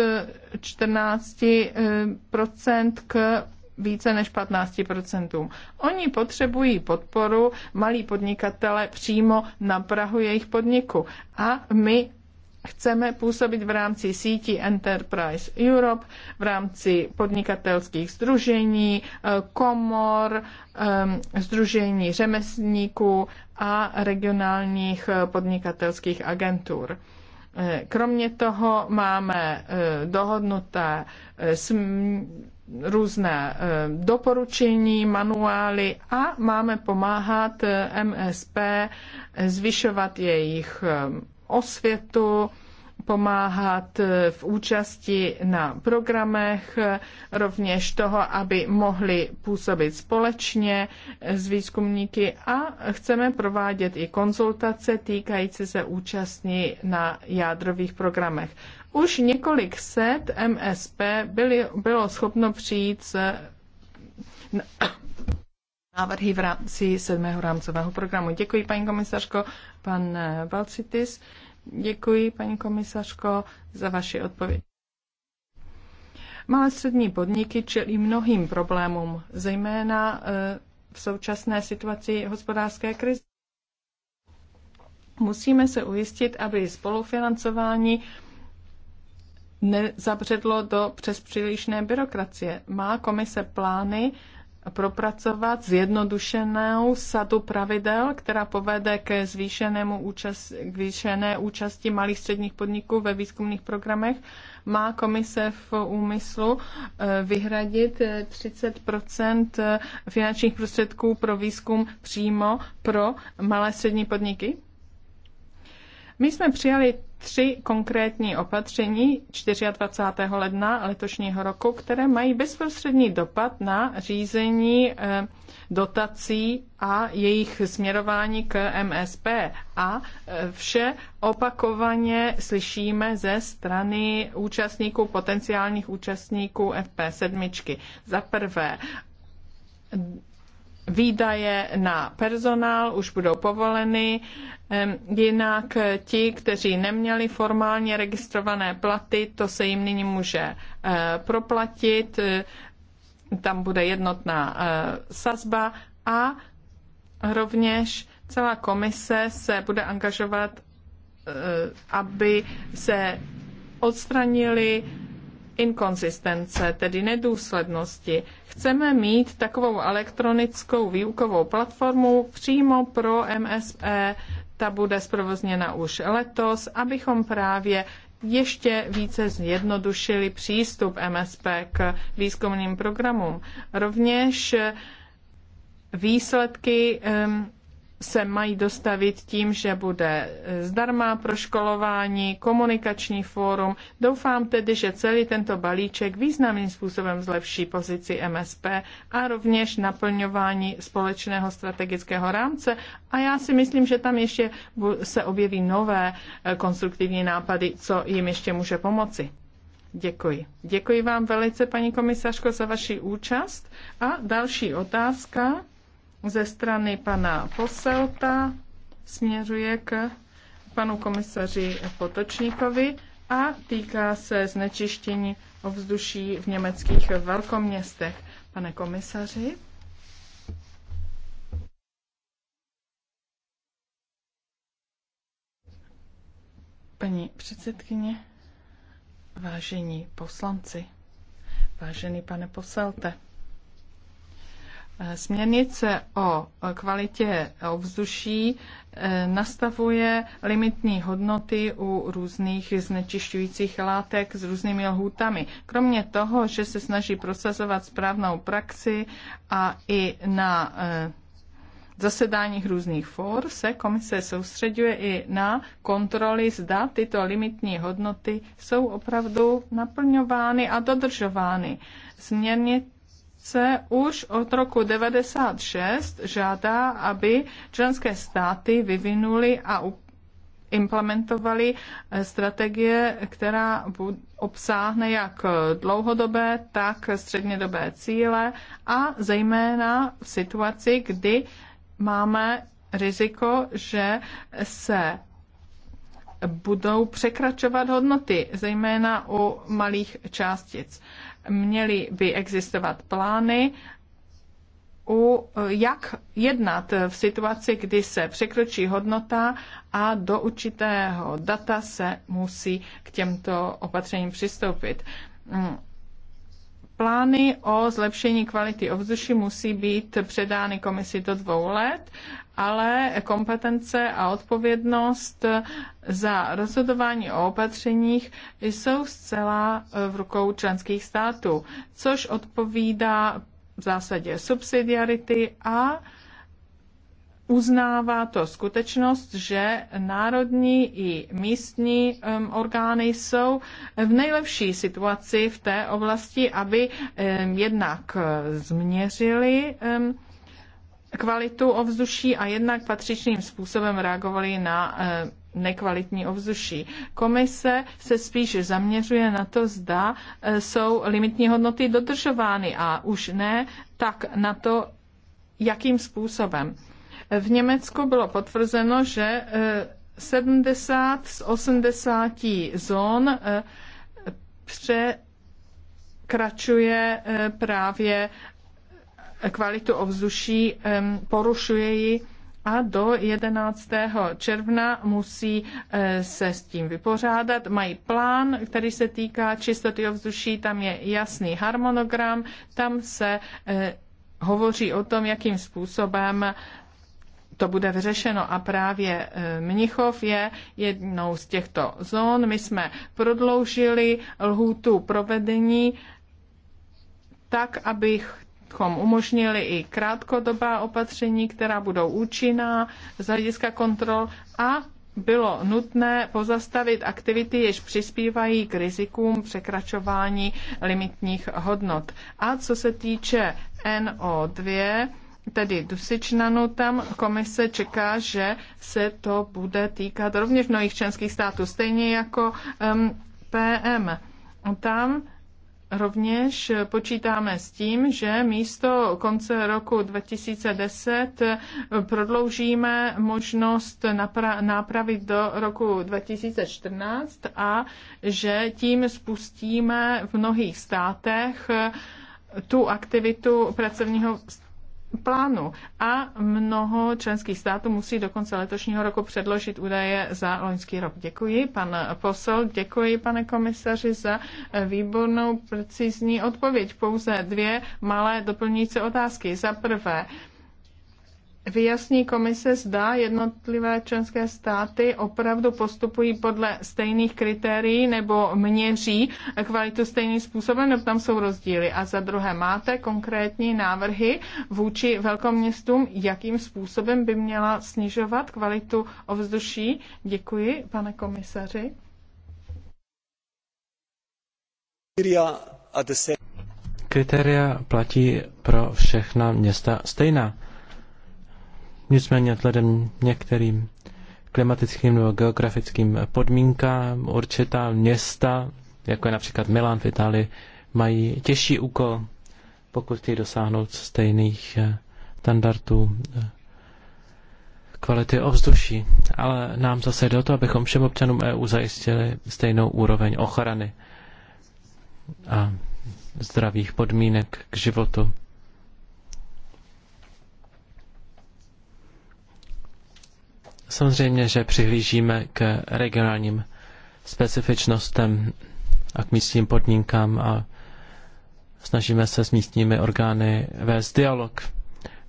14% k více než 15%. Oni potřebují podporu, malí podnikatele přímo na Prahu jejich podniku a my chceme působit v rámci sítí Enterprise Europe, v rámci podnikatelských združení, eh, komor, eh, združení řemeslníků a regionálních eh, podnikatelských agentur. Kromě toho máme dohodnuté různé doporučení, manuály a máme pomáhat MSP zvyšovat jejich osvětu, pomáhat v účasti na programech, rovněž toho, aby mohli působit společně s výzkumníky a chceme provádět i konzultace týkající se účastní na jádrových programech. Už několik set MSP byly, bylo schopno přijít s návrhy v rámci sedmého rámcového programu. Děkuji, paní komisařko, pan eh, Balcitis. Děkuji, paní komisařko, za vaši odpověď. Malé střední podniky čelí mnohým problémům, zejména eh, v současné situaci hospodářské krize. Musíme se ujistit, aby spolufinancování nezabředlo do přespřílišné byrokracie. Má komise plány, propracovat zjednodušenou sadu pravidel, která povede ke zvýšenému účast, k zvýšené účasti malých středních podniků ve výzkumných programech. Má komise v úmyslu eh, vyhradit 30 eh, eh, finančních prostředků pro výzkum přímo pro malé střední podniky? My jsme přijali tři konkrétní opatření 24. ledna letošního roku, které mají bezprostřední dopad na řízení eh, dotací a jejich směrování k MSP. A eh, vše opakovaně slyšíme ze strany účastníků, potenciálních účastníků FP7. Za prvé, výdaje na personál už budou povoleny, jinak ti, kteří neměli formálně registrované platy, to se jim nyní může eh, proplatit, eh, tam bude jednotná eh, sazba a rovněž celá komise se bude angažovat, aby se odstranili inkonzistence, tedy nedůslednosti. Chceme mít takovou elektronickou výukovou platformu přímo pro MSE, ta bude zprovozněna už letos, abychom právě ještě více zjednodušili přístup MSP k výzkumným programům. Rovněž výsledky um, se mají dostavit tím, že bude zdarma proškolování, komunikační fórum. Doufám tedy, že celý tento balíček významným způsobem zlepší pozici MSP a rovněž naplňování společného strategického rámce. A já si myslím, že tam ještě se objeví nové eh, konstruktivní nápady, co jim ještě může pomoci. Děkuji. Děkuji vám velice, paní komisařko, za vaši účast. A další otázka ze strany pana Poselta směřuje k panu komisaři Potočníkovi a týká se znečištění ovzduší v německých velkoměstech. Pane komisaři. Paní předsedkyně, vážení poslanci, vážený pane poselte, Směrnice o kvalitě ovzduší eh, nastavuje limitní hodnoty u různých znečišťujících látek s různými lhůtami. Kromě toho, že se snaží prosazovat správnou praxi a i na eh, zasedáních různých for se komise soustředuje i na kontroly, zda tyto limitní hodnoty jsou opravdu naplňovány a dodržovány. Směrnice se už od roku 96 žádá, aby členské státy vyvinuli a implementovali eh, strategie, která obsáhne jak dlouhodobé, tak střednědobé cíle a zejména v situaci, kdy máme riziko, že se budou překračovat hodnoty, zejména u malých částic. Měly by existovat plány, u, jak jednat v situaci, kdy se překročí hodnota a do určitého data se musí k těmto opatřením přistoupit. Mm. Plány o zlepšení kvality ovzduší musí být předány komisi do dvou let ale kompetence a odpovědnost za rozhodování o opatřeních jsou zcela v rukou členských států, což odpovídá v zásadě subsidiarity a uznává to skutečnost, že národní i místní um, orgány jsou v nejlepší situaci v té oblasti, aby um, jednak uh, změřili um, kvalitu ovzduší a jednak patřičným způsobem reagovali na eh, nekvalitní ovzduší. Komise se spíš zaměřuje na to, zda eh, jsou limitní hodnoty dodržovány a už ne tak na to, jakým způsobem. V Německu bylo potvrzeno, že 70 eh, z 80 zón překračuje právě kvalitu ovzduší, porušuje ji a do 11. června musí eh, se s tím vypořádat. Mají plán, který se týká čistoty ovzduší, tam je jasný harmonogram, tam se eh, hovoří o tom, jakým způsobem to bude vyřešeno a právě eh, Mnichov je jednou z těchto zón. My jsme prodloužili lhůtu provedení tak, abych abychom umožnili i krátkodobá opatření, která budou účinná z hlediska kontrol a bylo nutné pozastavit aktivity, jež přispívají k rizikům překračování limitních hodnot. A co se týče NO2, tedy dusičnanu, tam komise čeká, že se to bude týkat rovněž mnohých členských států, stejně jako um, PM. Tam Rovněž počítáme s tím, že místo konce roku 2010 prodloužíme možnost nápravit do roku 2014 a že tím spustíme v mnohých státech tu aktivitu pracovního plánu. A mnoho členských států musí do konce letošního roku předložit údaje za loňský rok. Děkuji, pan posel, děkuji, pane komisaři, za výbornou precizní odpověď. Pouze dvě malé doplňující otázky. Za prvé, vyjasní komise, zda jednotlivé členské státy opravdu postupují podle stejných kritérií nebo měří kvalitu stejným způsobem, nebo tam jsou rozdíly. A za druhé, máte konkrétní návrhy vůči velkoměstům, jakým způsobem by měla snižovat kvalitu ovzduší? Děkuji, pane komisaři. Kritéria platí pro všechna města stejná Nicméně vzhledem některým klimatickým nebo geografickým podmínkám určitá města, jako je například Milán v Itálii, mají těžší úkol, pokud chtějí dosáhnout stejných eh, standardů eh, kvality ovzduší. Ale nám zase jde o to, abychom všem občanům EU zajistili stejnou úroveň ochrany a zdravých podmínek k životu. Samozřejmě, že přihlížíme k regionálním specifičnostem a k místním podmínkám a snažíme se s místními orgány vést dialog.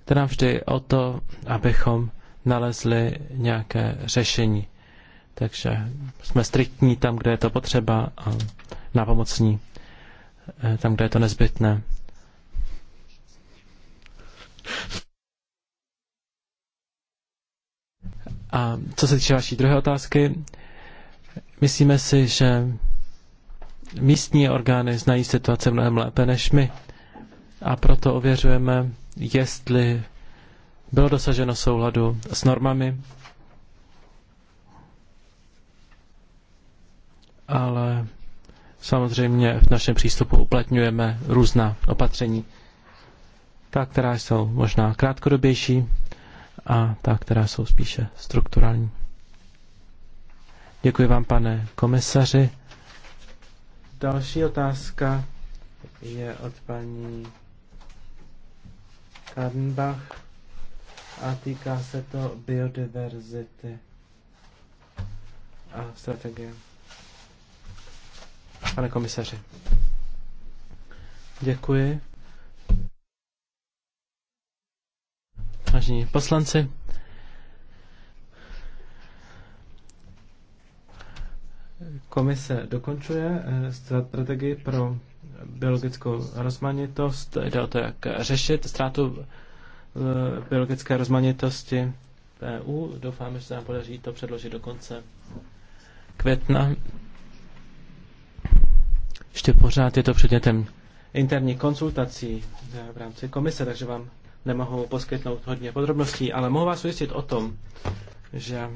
To nám vždy o to, abychom nalezli nějaké řešení. Takže jsme striktní tam, kde je to potřeba a napomocní eh, tam, kde je to nezbytné. A co se týče vaší druhé otázky, myslíme si, že místní orgány znají situace mnohem lépe než my. A proto ověřujeme, jestli bylo dosaženo souladu s normami, ale samozřejmě v našem přístupu uplatňujeme různá opatření. Ta, která jsou možná krátkodobější, a ta, která jsou spíše strukturální. Děkuji vám, pane komisaři. Další otázka je od paní Karnbach a týká se to biodiverzity a strategie. Pane komisaři, děkuji. vážení poslanci. Komise dokončuje eh, strategii pro biologickou rozmanitost. Jde o to, jak řešit ztrátu eh, biologické rozmanitosti EU. Doufáme, že se nám podaří to předložit do konce května. Ještě pořád je to předmětem interní konzultací eh, v rámci komise, takže vám nemohu poskytnout hodně podrobností, ale mohu vás ujistit o tom, že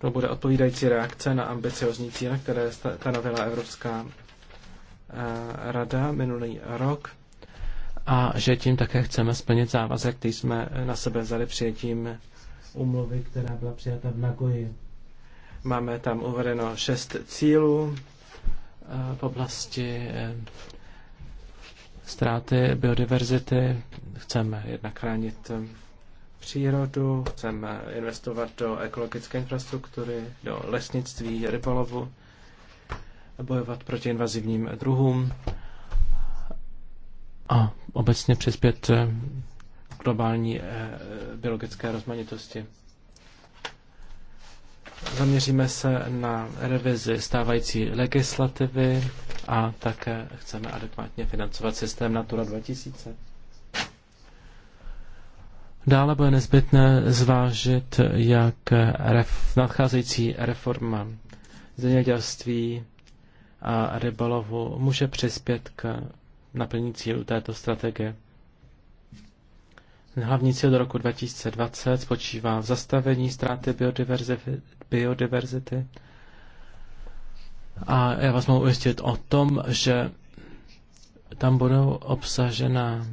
to bude odpovídající reakce na ambiciozní cíle, které stanovila Evropská eh, rada minulý rok a že tím také chceme splnit závazek, který jsme na sebe vzali přijetím umluvy, která byla přijata v Nagoji. Máme tam uvedeno šest cílů eh, v oblasti eh, ztráty biodiverzity, chceme jednak chránit eh, přírodu, chceme investovat do ekologické infrastruktury, do lesnictví, rybolovu, bojovat proti invazivním druhům a obecně přispět eh, k globální eh, biologické rozmanitosti. Zaměříme se na revizi stávající legislativy, a také chceme adekvátně financovat systém Natura 2000. Dále bude nezbytné zvážit, jak ref, nadcházející reforma zemědělství a rybolovu může přispět k naplnění cílu této strategie. Hlavní cíl do roku 2020 spočívá v zastavení ztráty biodiverzity, biodiverzity a já vás mohu ujistit o tom, že tam budou obsažena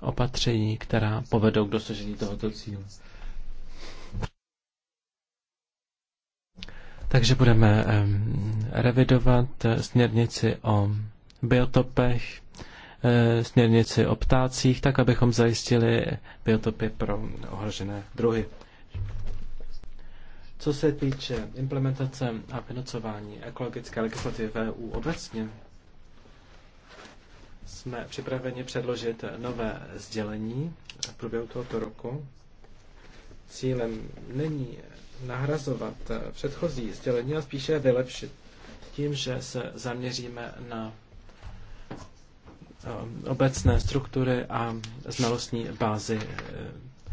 opatření, která povedou k dosažení tohoto cíle. Takže budeme revidovat eh, směrnici o biotopech, eh, směrnici o ptácích, tak abychom zajistili biotopy pro ohrožené druhy. Co se týče implementace a financování ekologické legislativy v EU obecně, jsme připraveni předložit nové sdělení v průběhu tohoto roku. Cílem není nahrazovat předchozí sdělení, ale spíše vylepšit tím, že se zaměříme na um, obecné struktury a znalostní bázy, eh,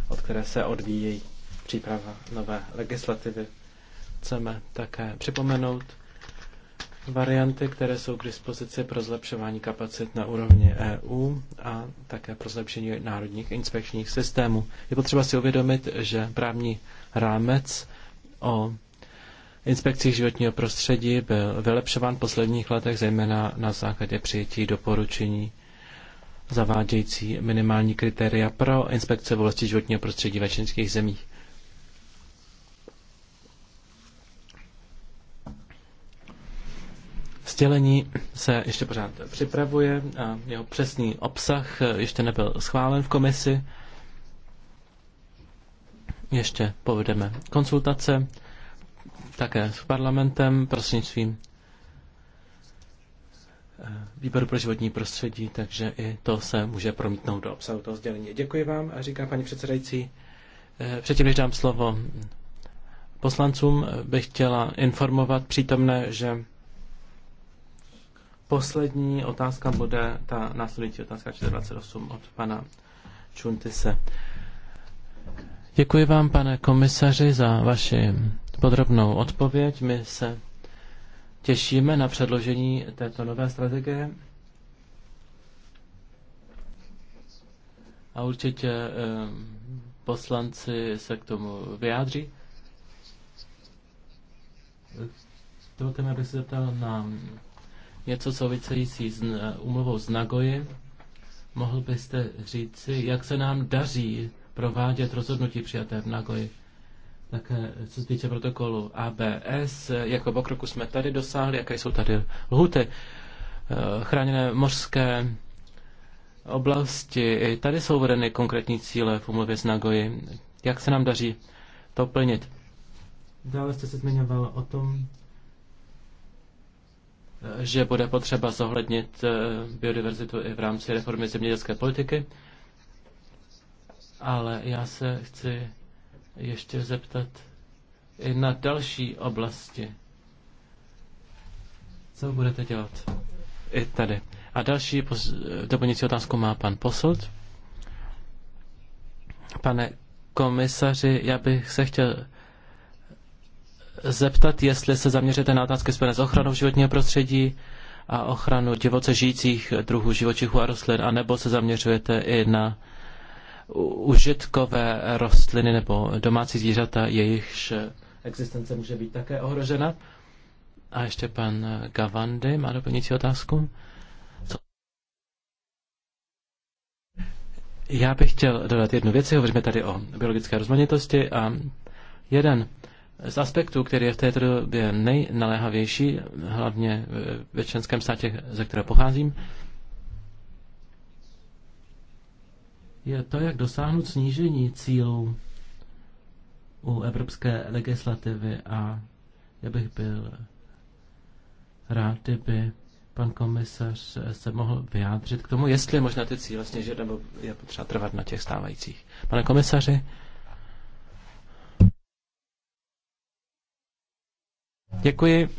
od které se odvíjejí příprava nové legislativy. Chceme také připomenout varianty, které jsou k dispozici pro zlepšování kapacit na úrovni EU a také pro zlepšení národních inspekčních systémů. Je potřeba si uvědomit, že právní rámec o inspekcích životního prostředí byl vylepšován v posledních letech, zejména na základě přijetí doporučení zavádějící minimální kritéria pro inspekce v oblasti životního prostředí ve členských zemích. Sdělení se ještě pořád připravuje a jeho přesný obsah eh, ještě nebyl schválen v komisi. Ještě povedeme konsultace také s parlamentem prostřednictvím eh, výboru pro životní prostředí, takže i to se může promítnout do obsahu toho sdělení. Děkuji vám, a říká paní předsedající. Eh, předtím, než dám slovo poslancům, bych chtěla informovat přítomné, že Poslední otázka bude ta následující otázka 428 od pana Čuntise. Děkuji vám, pane komisaři, za vaši podrobnou odpověď. My se těšíme na předložení této nové strategie. A určitě eh, poslanci se k tomu vyjádří. Dovolte mi, abych se zeptal na něco souvisící s eh, umluvou z Nagoje. Mohl byste říci, jak se nám daří provádět rozhodnutí přijaté v Nagoji? Tak eh, co se týče protokolu ABS, eh, jako pokroku jsme tady dosáhli, jaké jsou tady lhuty, chráněné mořské oblasti. I tady jsou vedeny konkrétní cíle v umluvě z Nagoji. Jak se nám daří to plnit? Dále jste se zmiňoval o tom, že bude potřeba zohlednit eh, biodiverzitu i v rámci reformy zemědělské politiky. Ale já se chci ještě zeptat i na další oblasti. Co budete dělat? I tady. A další doplňující otázku má pan Posolt. Pane komisaři, já bych se chtěl zeptat, jestli se zaměříte na otázky spojené s ochranou životního prostředí a ochranu divoce žijících druhů živočichů a rostlin, anebo se zaměřujete i na užitkové rostliny nebo domácí zvířata, jejichž existence může být také ohrožena. A ještě pan Gavandy má doplňující otázku. Co? Já bych chtěl dodat jednu věc. Hovoříme tady o biologické rozmanitosti a jeden z aspektů, který je v této době nejnaléhavější, hlavně ve členském státě, ze které pocházím, je to, jak dosáhnout snížení cílů u evropské legislativy a já bych byl rád, kdyby pan komisař se mohl vyjádřit k tomu, jestli je možná ty cíle sněžit, nebo je potřeba trvat na těch stávajících. Pane komisaři, Děkuji.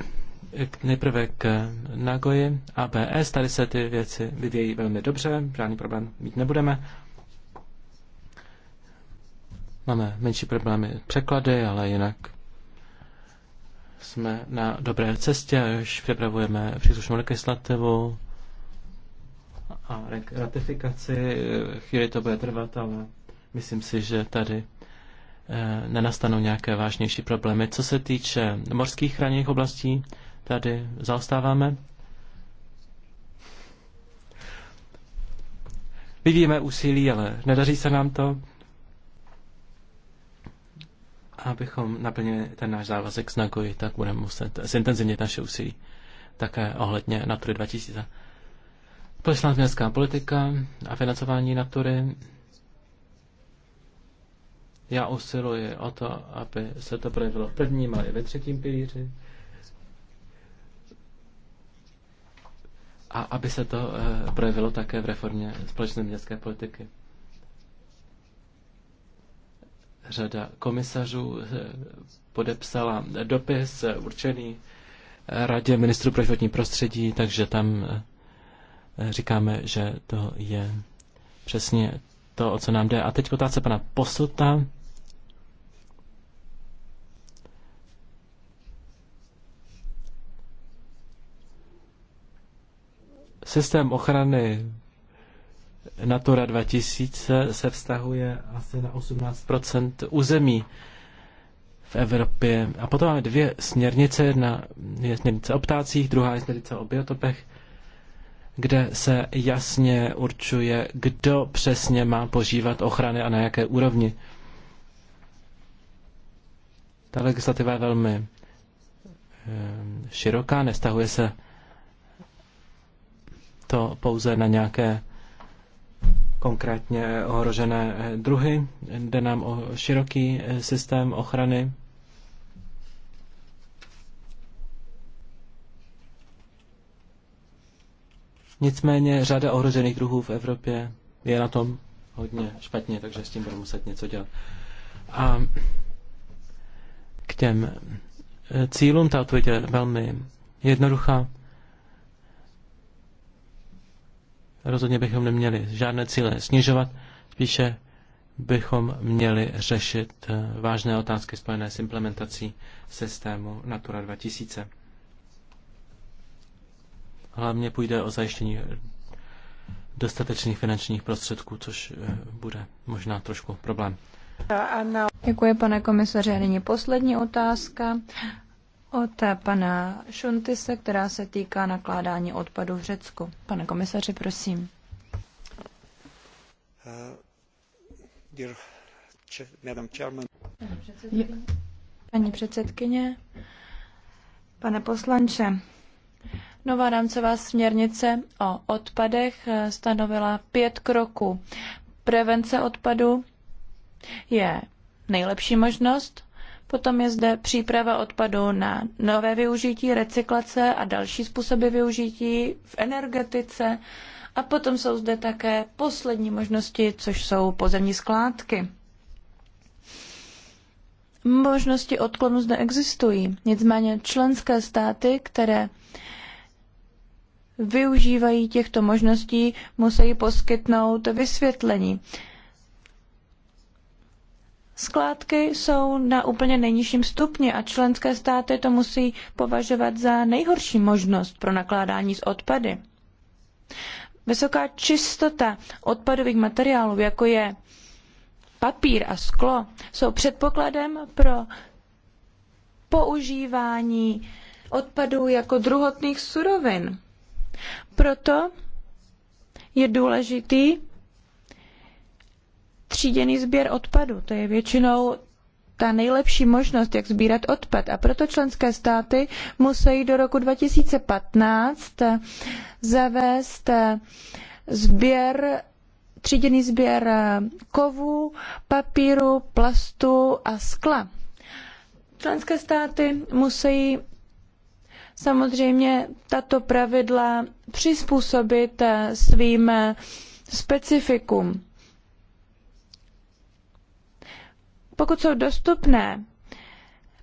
Nejprve k Nagoji, ABS, tady se ty věci vyvějí velmi dobře, žádný problém mít nebudeme. Máme menší problémy překlady, ale jinak jsme na dobré cestě, už připravujeme příslušnou legislativu a ratifikaci. Chvíli to bude trvat, ale myslím si, že tady Eh, nenastanou nějaké vážnější problémy. Co se týče mořských chráněných oblastí, tady zaostáváme. Vyvíjeme úsilí, ale nedaří se nám to, abychom naplnili ten náš závazek s Nagoji, tak budeme muset zintenzivnit naše úsilí také ohledně Natury 2000. Společná změnská politika a financování Natury já usiluji o to, aby se to projevilo v prvním, ale i ve třetím pilíři. A aby se to eh, projevilo také v reformě společné městské politiky. Řada komisařů eh, podepsala dopis eh, určený Radě ministrů pro životní prostředí, takže tam říkáme, že to je přesně to, o co nám jde. A teď otázka pana Posuta. Systém ochrany Natura 2000 se vztahuje asi na 18 území v Evropě. A potom máme dvě směrnice. Jedna je směrnice o ptácích, druhá je směrnice o biotopech, kde se jasně určuje, kdo přesně má požívat ochrany a na jaké úrovni. Ta legislativa je velmi eh, široká, nestahuje se to pouze na nějaké konkrétně ohrožené druhy. Jde nám o široký systém ochrany. Nicméně řada ohrožených druhů v Evropě je na tom hodně špatně, takže s tím budu muset něco dělat. A k těm cílům ta odpověď je velmi jednoduchá. Rozhodně bychom neměli žádné cíle snižovat, spíše bychom měli řešit eh, vážné otázky spojené s implementací systému Natura 2000. Hlavně půjde o zajištění dostatečných finančních prostředků, což eh, bude možná trošku problém. Děkuji, pane komisaře. nyní poslední otázka od pana Šuntise, která se týká nakládání odpadu v Řecku. Pane komisaři, prosím. Uh, Paní předsedkyně, pane poslanče, nová rámcová směrnice o odpadech stanovila pět kroků. Prevence odpadu je nejlepší možnost, Potom je zde příprava odpadu na nové využití, recyklace a další způsoby využití v energetice. A potom jsou zde také poslední možnosti, což jsou pozemní skládky. Možnosti odklonu zde existují. Nicméně členské státy, které využívají těchto možností, musí poskytnout vysvětlení. Skládky jsou na úplně nejnižším stupni a členské státy to musí považovat za nejhorší možnost pro nakládání s odpady. Vysoká čistota odpadových materiálů, jako je papír a sklo, jsou předpokladem pro používání odpadů jako druhotných surovin. Proto je důležitý tříděný sběr odpadu. To je většinou ta nejlepší možnost, jak sbírat odpad. A proto členské státy musí do roku 2015 zavést sběr, tříděný sběr kovů, papíru, plastu a skla. Členské státy musí samozřejmě tato pravidla přizpůsobit svým specifikům. Pokud jsou dostupné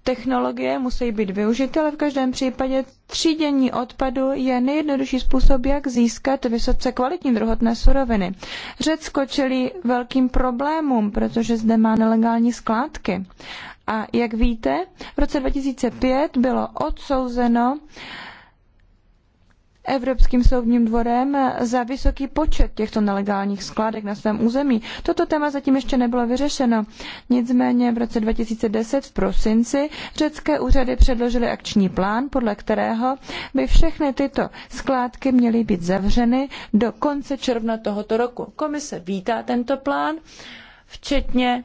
technologie, musí být využity, ale v každém případě třídění odpadu je nejjednodušší způsob, jak získat vysoce kvalitní druhotné suroviny. Řecko čelí velkým problémům, protože zde má nelegální skládky. A jak víte, v roce 2005 bylo odsouzeno Evropským soudním dvorem za vysoký počet těchto nelegálních skládek na svém území. Toto téma zatím ještě nebylo vyřešeno. Nicméně v roce 2010 v prosinci řecké úřady předložily akční plán, podle kterého by všechny tyto skládky měly být zavřeny do konce června tohoto roku. Komise vítá tento plán, včetně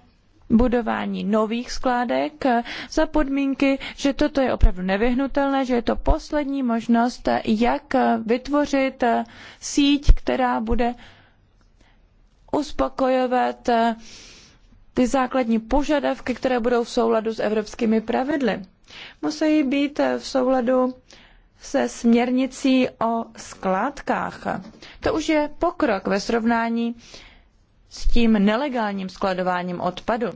budování nových skládek za podmínky, že toto je opravdu nevyhnutelné, že je to poslední možnost, jak vytvořit síť, která bude uspokojovat ty základní požadavky, které budou v souladu s evropskými pravidly. Musí být v souladu se směrnicí o skládkách. To už je pokrok ve srovnání s tím nelegálním skladováním odpadu.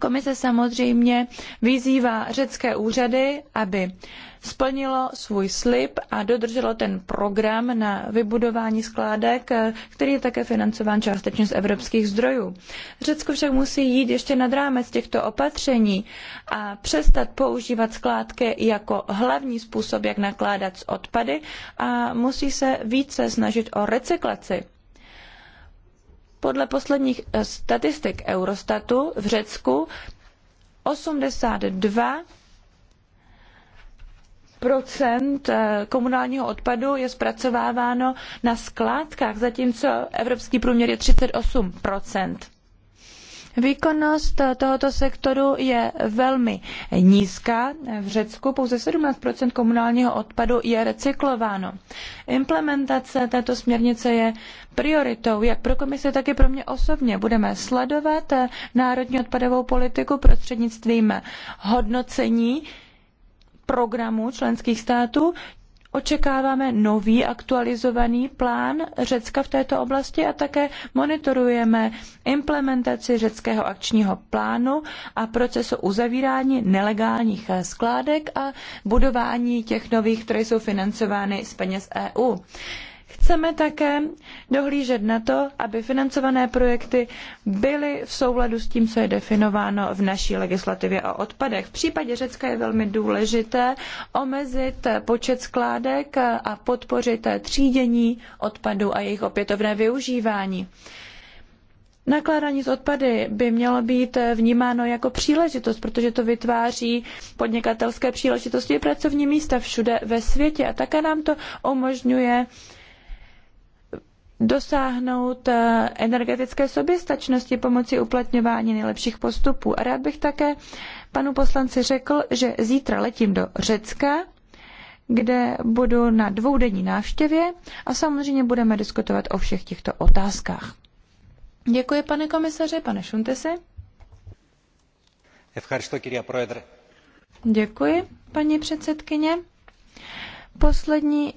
Komise samozřejmě vyzývá řecké úřady, aby splnilo svůj slib a dodrželo ten program na vybudování skládek, který je také financován částečně z evropských zdrojů. Řecko však musí jít ještě nad rámec těchto opatření a přestat používat skládky jako hlavní způsob, jak nakládat s odpady a musí se více snažit o recyklaci podle posledních eh, statistik Eurostatu v Řecku 82 procent eh, komunálního odpadu je zpracováváno na skládkách, zatímco evropský průměr je 38 procent. Výkonnost tohoto sektoru je velmi nízká. V Řecku pouze 17 komunálního odpadu je recyklováno. Implementace této směrnice je prioritou jak pro komisi, tak i pro mě osobně. Budeme sledovat národní odpadovou politiku prostřednictvím hodnocení programů členských států, Očekáváme nový aktualizovaný plán Řecka v této oblasti a také monitorujeme implementaci řeckého akčního plánu a procesu uzavírání nelegálních skládek a budování těch nových, které jsou financovány z peněz EU. Chceme také dohlížet na to, aby financované projekty byly v souladu s tím, co je definováno v naší legislativě o odpadech. V případě Řecka je velmi důležité omezit počet skládek a podpořit třídění odpadů a jejich opětovné využívání. Nakládání s odpady by mělo být vnímáno jako příležitost, protože to vytváří podnikatelské příležitosti i pracovní místa všude ve světě a také nám to umožňuje dosáhnout eh, energetické soběstačnosti pomocí uplatňování nejlepších postupů. A rád bych také panu poslanci řekl, že zítra letím do Řecka, kde budu na dvoudenní návštěvě a samozřejmě budeme diskutovat o všech těchto otázkách. Děkuji, pane komisaři, pane Šuntesi. Děkuji, paní předsedkyně. Poslední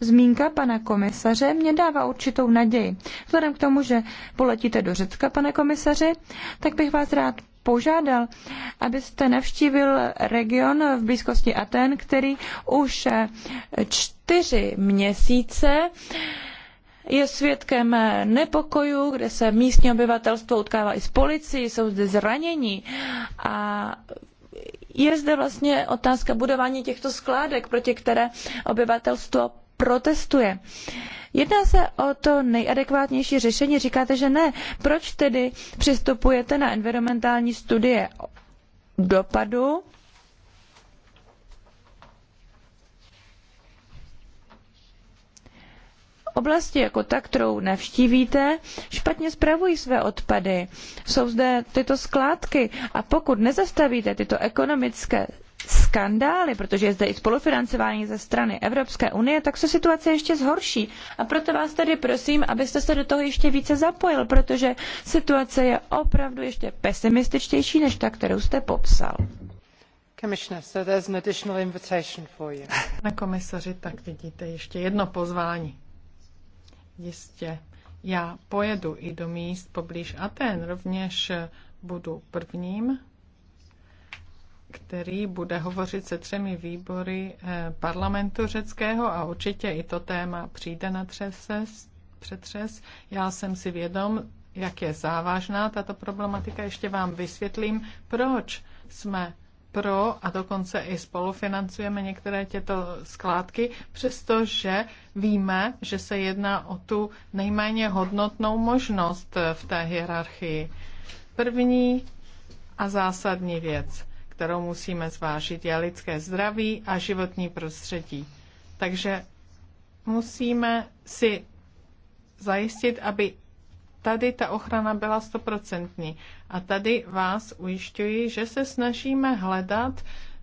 zmínka pana komisaře mě dává určitou naději. Vzhledem k tomu, že poletíte do Řecka, pane komisaři, tak bych vás rád požádal, abyste navštívil region v blízkosti Aten, který už eh, čtyři měsíce je svědkem eh, nepokojů, kde se místní obyvatelstvo utkává i s policií, jsou zde zranění a je zde vlastně otázka budování těchto skládek, proti které obyvatelstvo protestuje. Jedná se o to nejadekvátnější řešení. Říkáte, že ne. Proč tedy přistupujete na environmentální studie dopadu? oblasti jako ta, kterou navštívíte, špatně spravují své odpady. Jsou zde tyto skládky a pokud nezastavíte tyto ekonomické skandály, protože je zde i spolufinancování ze strany Evropské unie, tak se situace ještě zhorší. A proto vás tedy prosím, abyste se do toho ještě více zapojil, protože situace je opravdu ještě pesimističtější než ta, kterou jste popsal. Pane komisaři, tak vidíte ještě jedno pozvání. Jistě. Já pojedu i do míst poblíž Aten, rovněž budu prvním který bude hovořit se třemi výbory eh, parlamentu řeckého a určitě i to téma přijde na třeses, přetřes. Já jsem si vědom, jak je závažná tato problematika. Ještě vám vysvětlím, proč jsme pro a dokonce i spolufinancujeme některé těto skládky, přestože víme, že se jedná o tu nejméně hodnotnou možnost v té hierarchii. První a zásadní věc kterou musíme zvážit, je lidské zdraví a životní prostředí. Takže musíme si zajistit, aby tady ta ochrana byla stoprocentní. A tady vás ujišťuji, že se snažíme hledat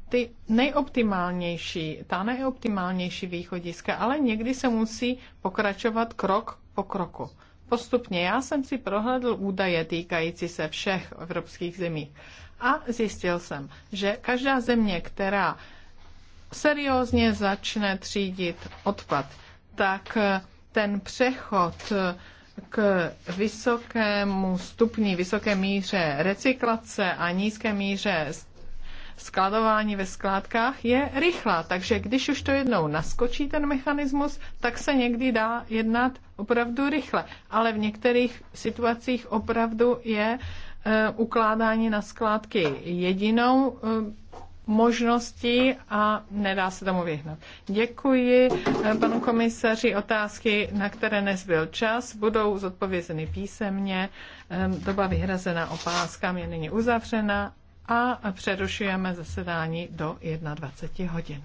ty nejoptimálnější, ta nejoptimálnější východiska, ale někdy se musí pokračovat krok po kroku. Postupně já jsem si prohlédl údaje týkající se všech evropských zemí. A zjistil jsem, že každá země, která seriózně začne třídit odpad, tak eh, ten přechod eh, k vysokému stupni, vysoké míře recyklace a nízké míře skladování ve skládkách je rychlá, takže když už to jednou naskočí ten mechanismus, tak se někdy dá jednat opravdu rychle. Ale v některých situacích opravdu je Eh, ukládání na skládky jedinou eh, možností a nedá se tomu vyhnout. Děkuji eh, panu komisaři. Otázky, na které nezbyl čas, budou zodpovězeny písemně. Ehm, doba vyhrazená opáskám je nyní uzavřena a přerušujeme zasedání do 21 hodin.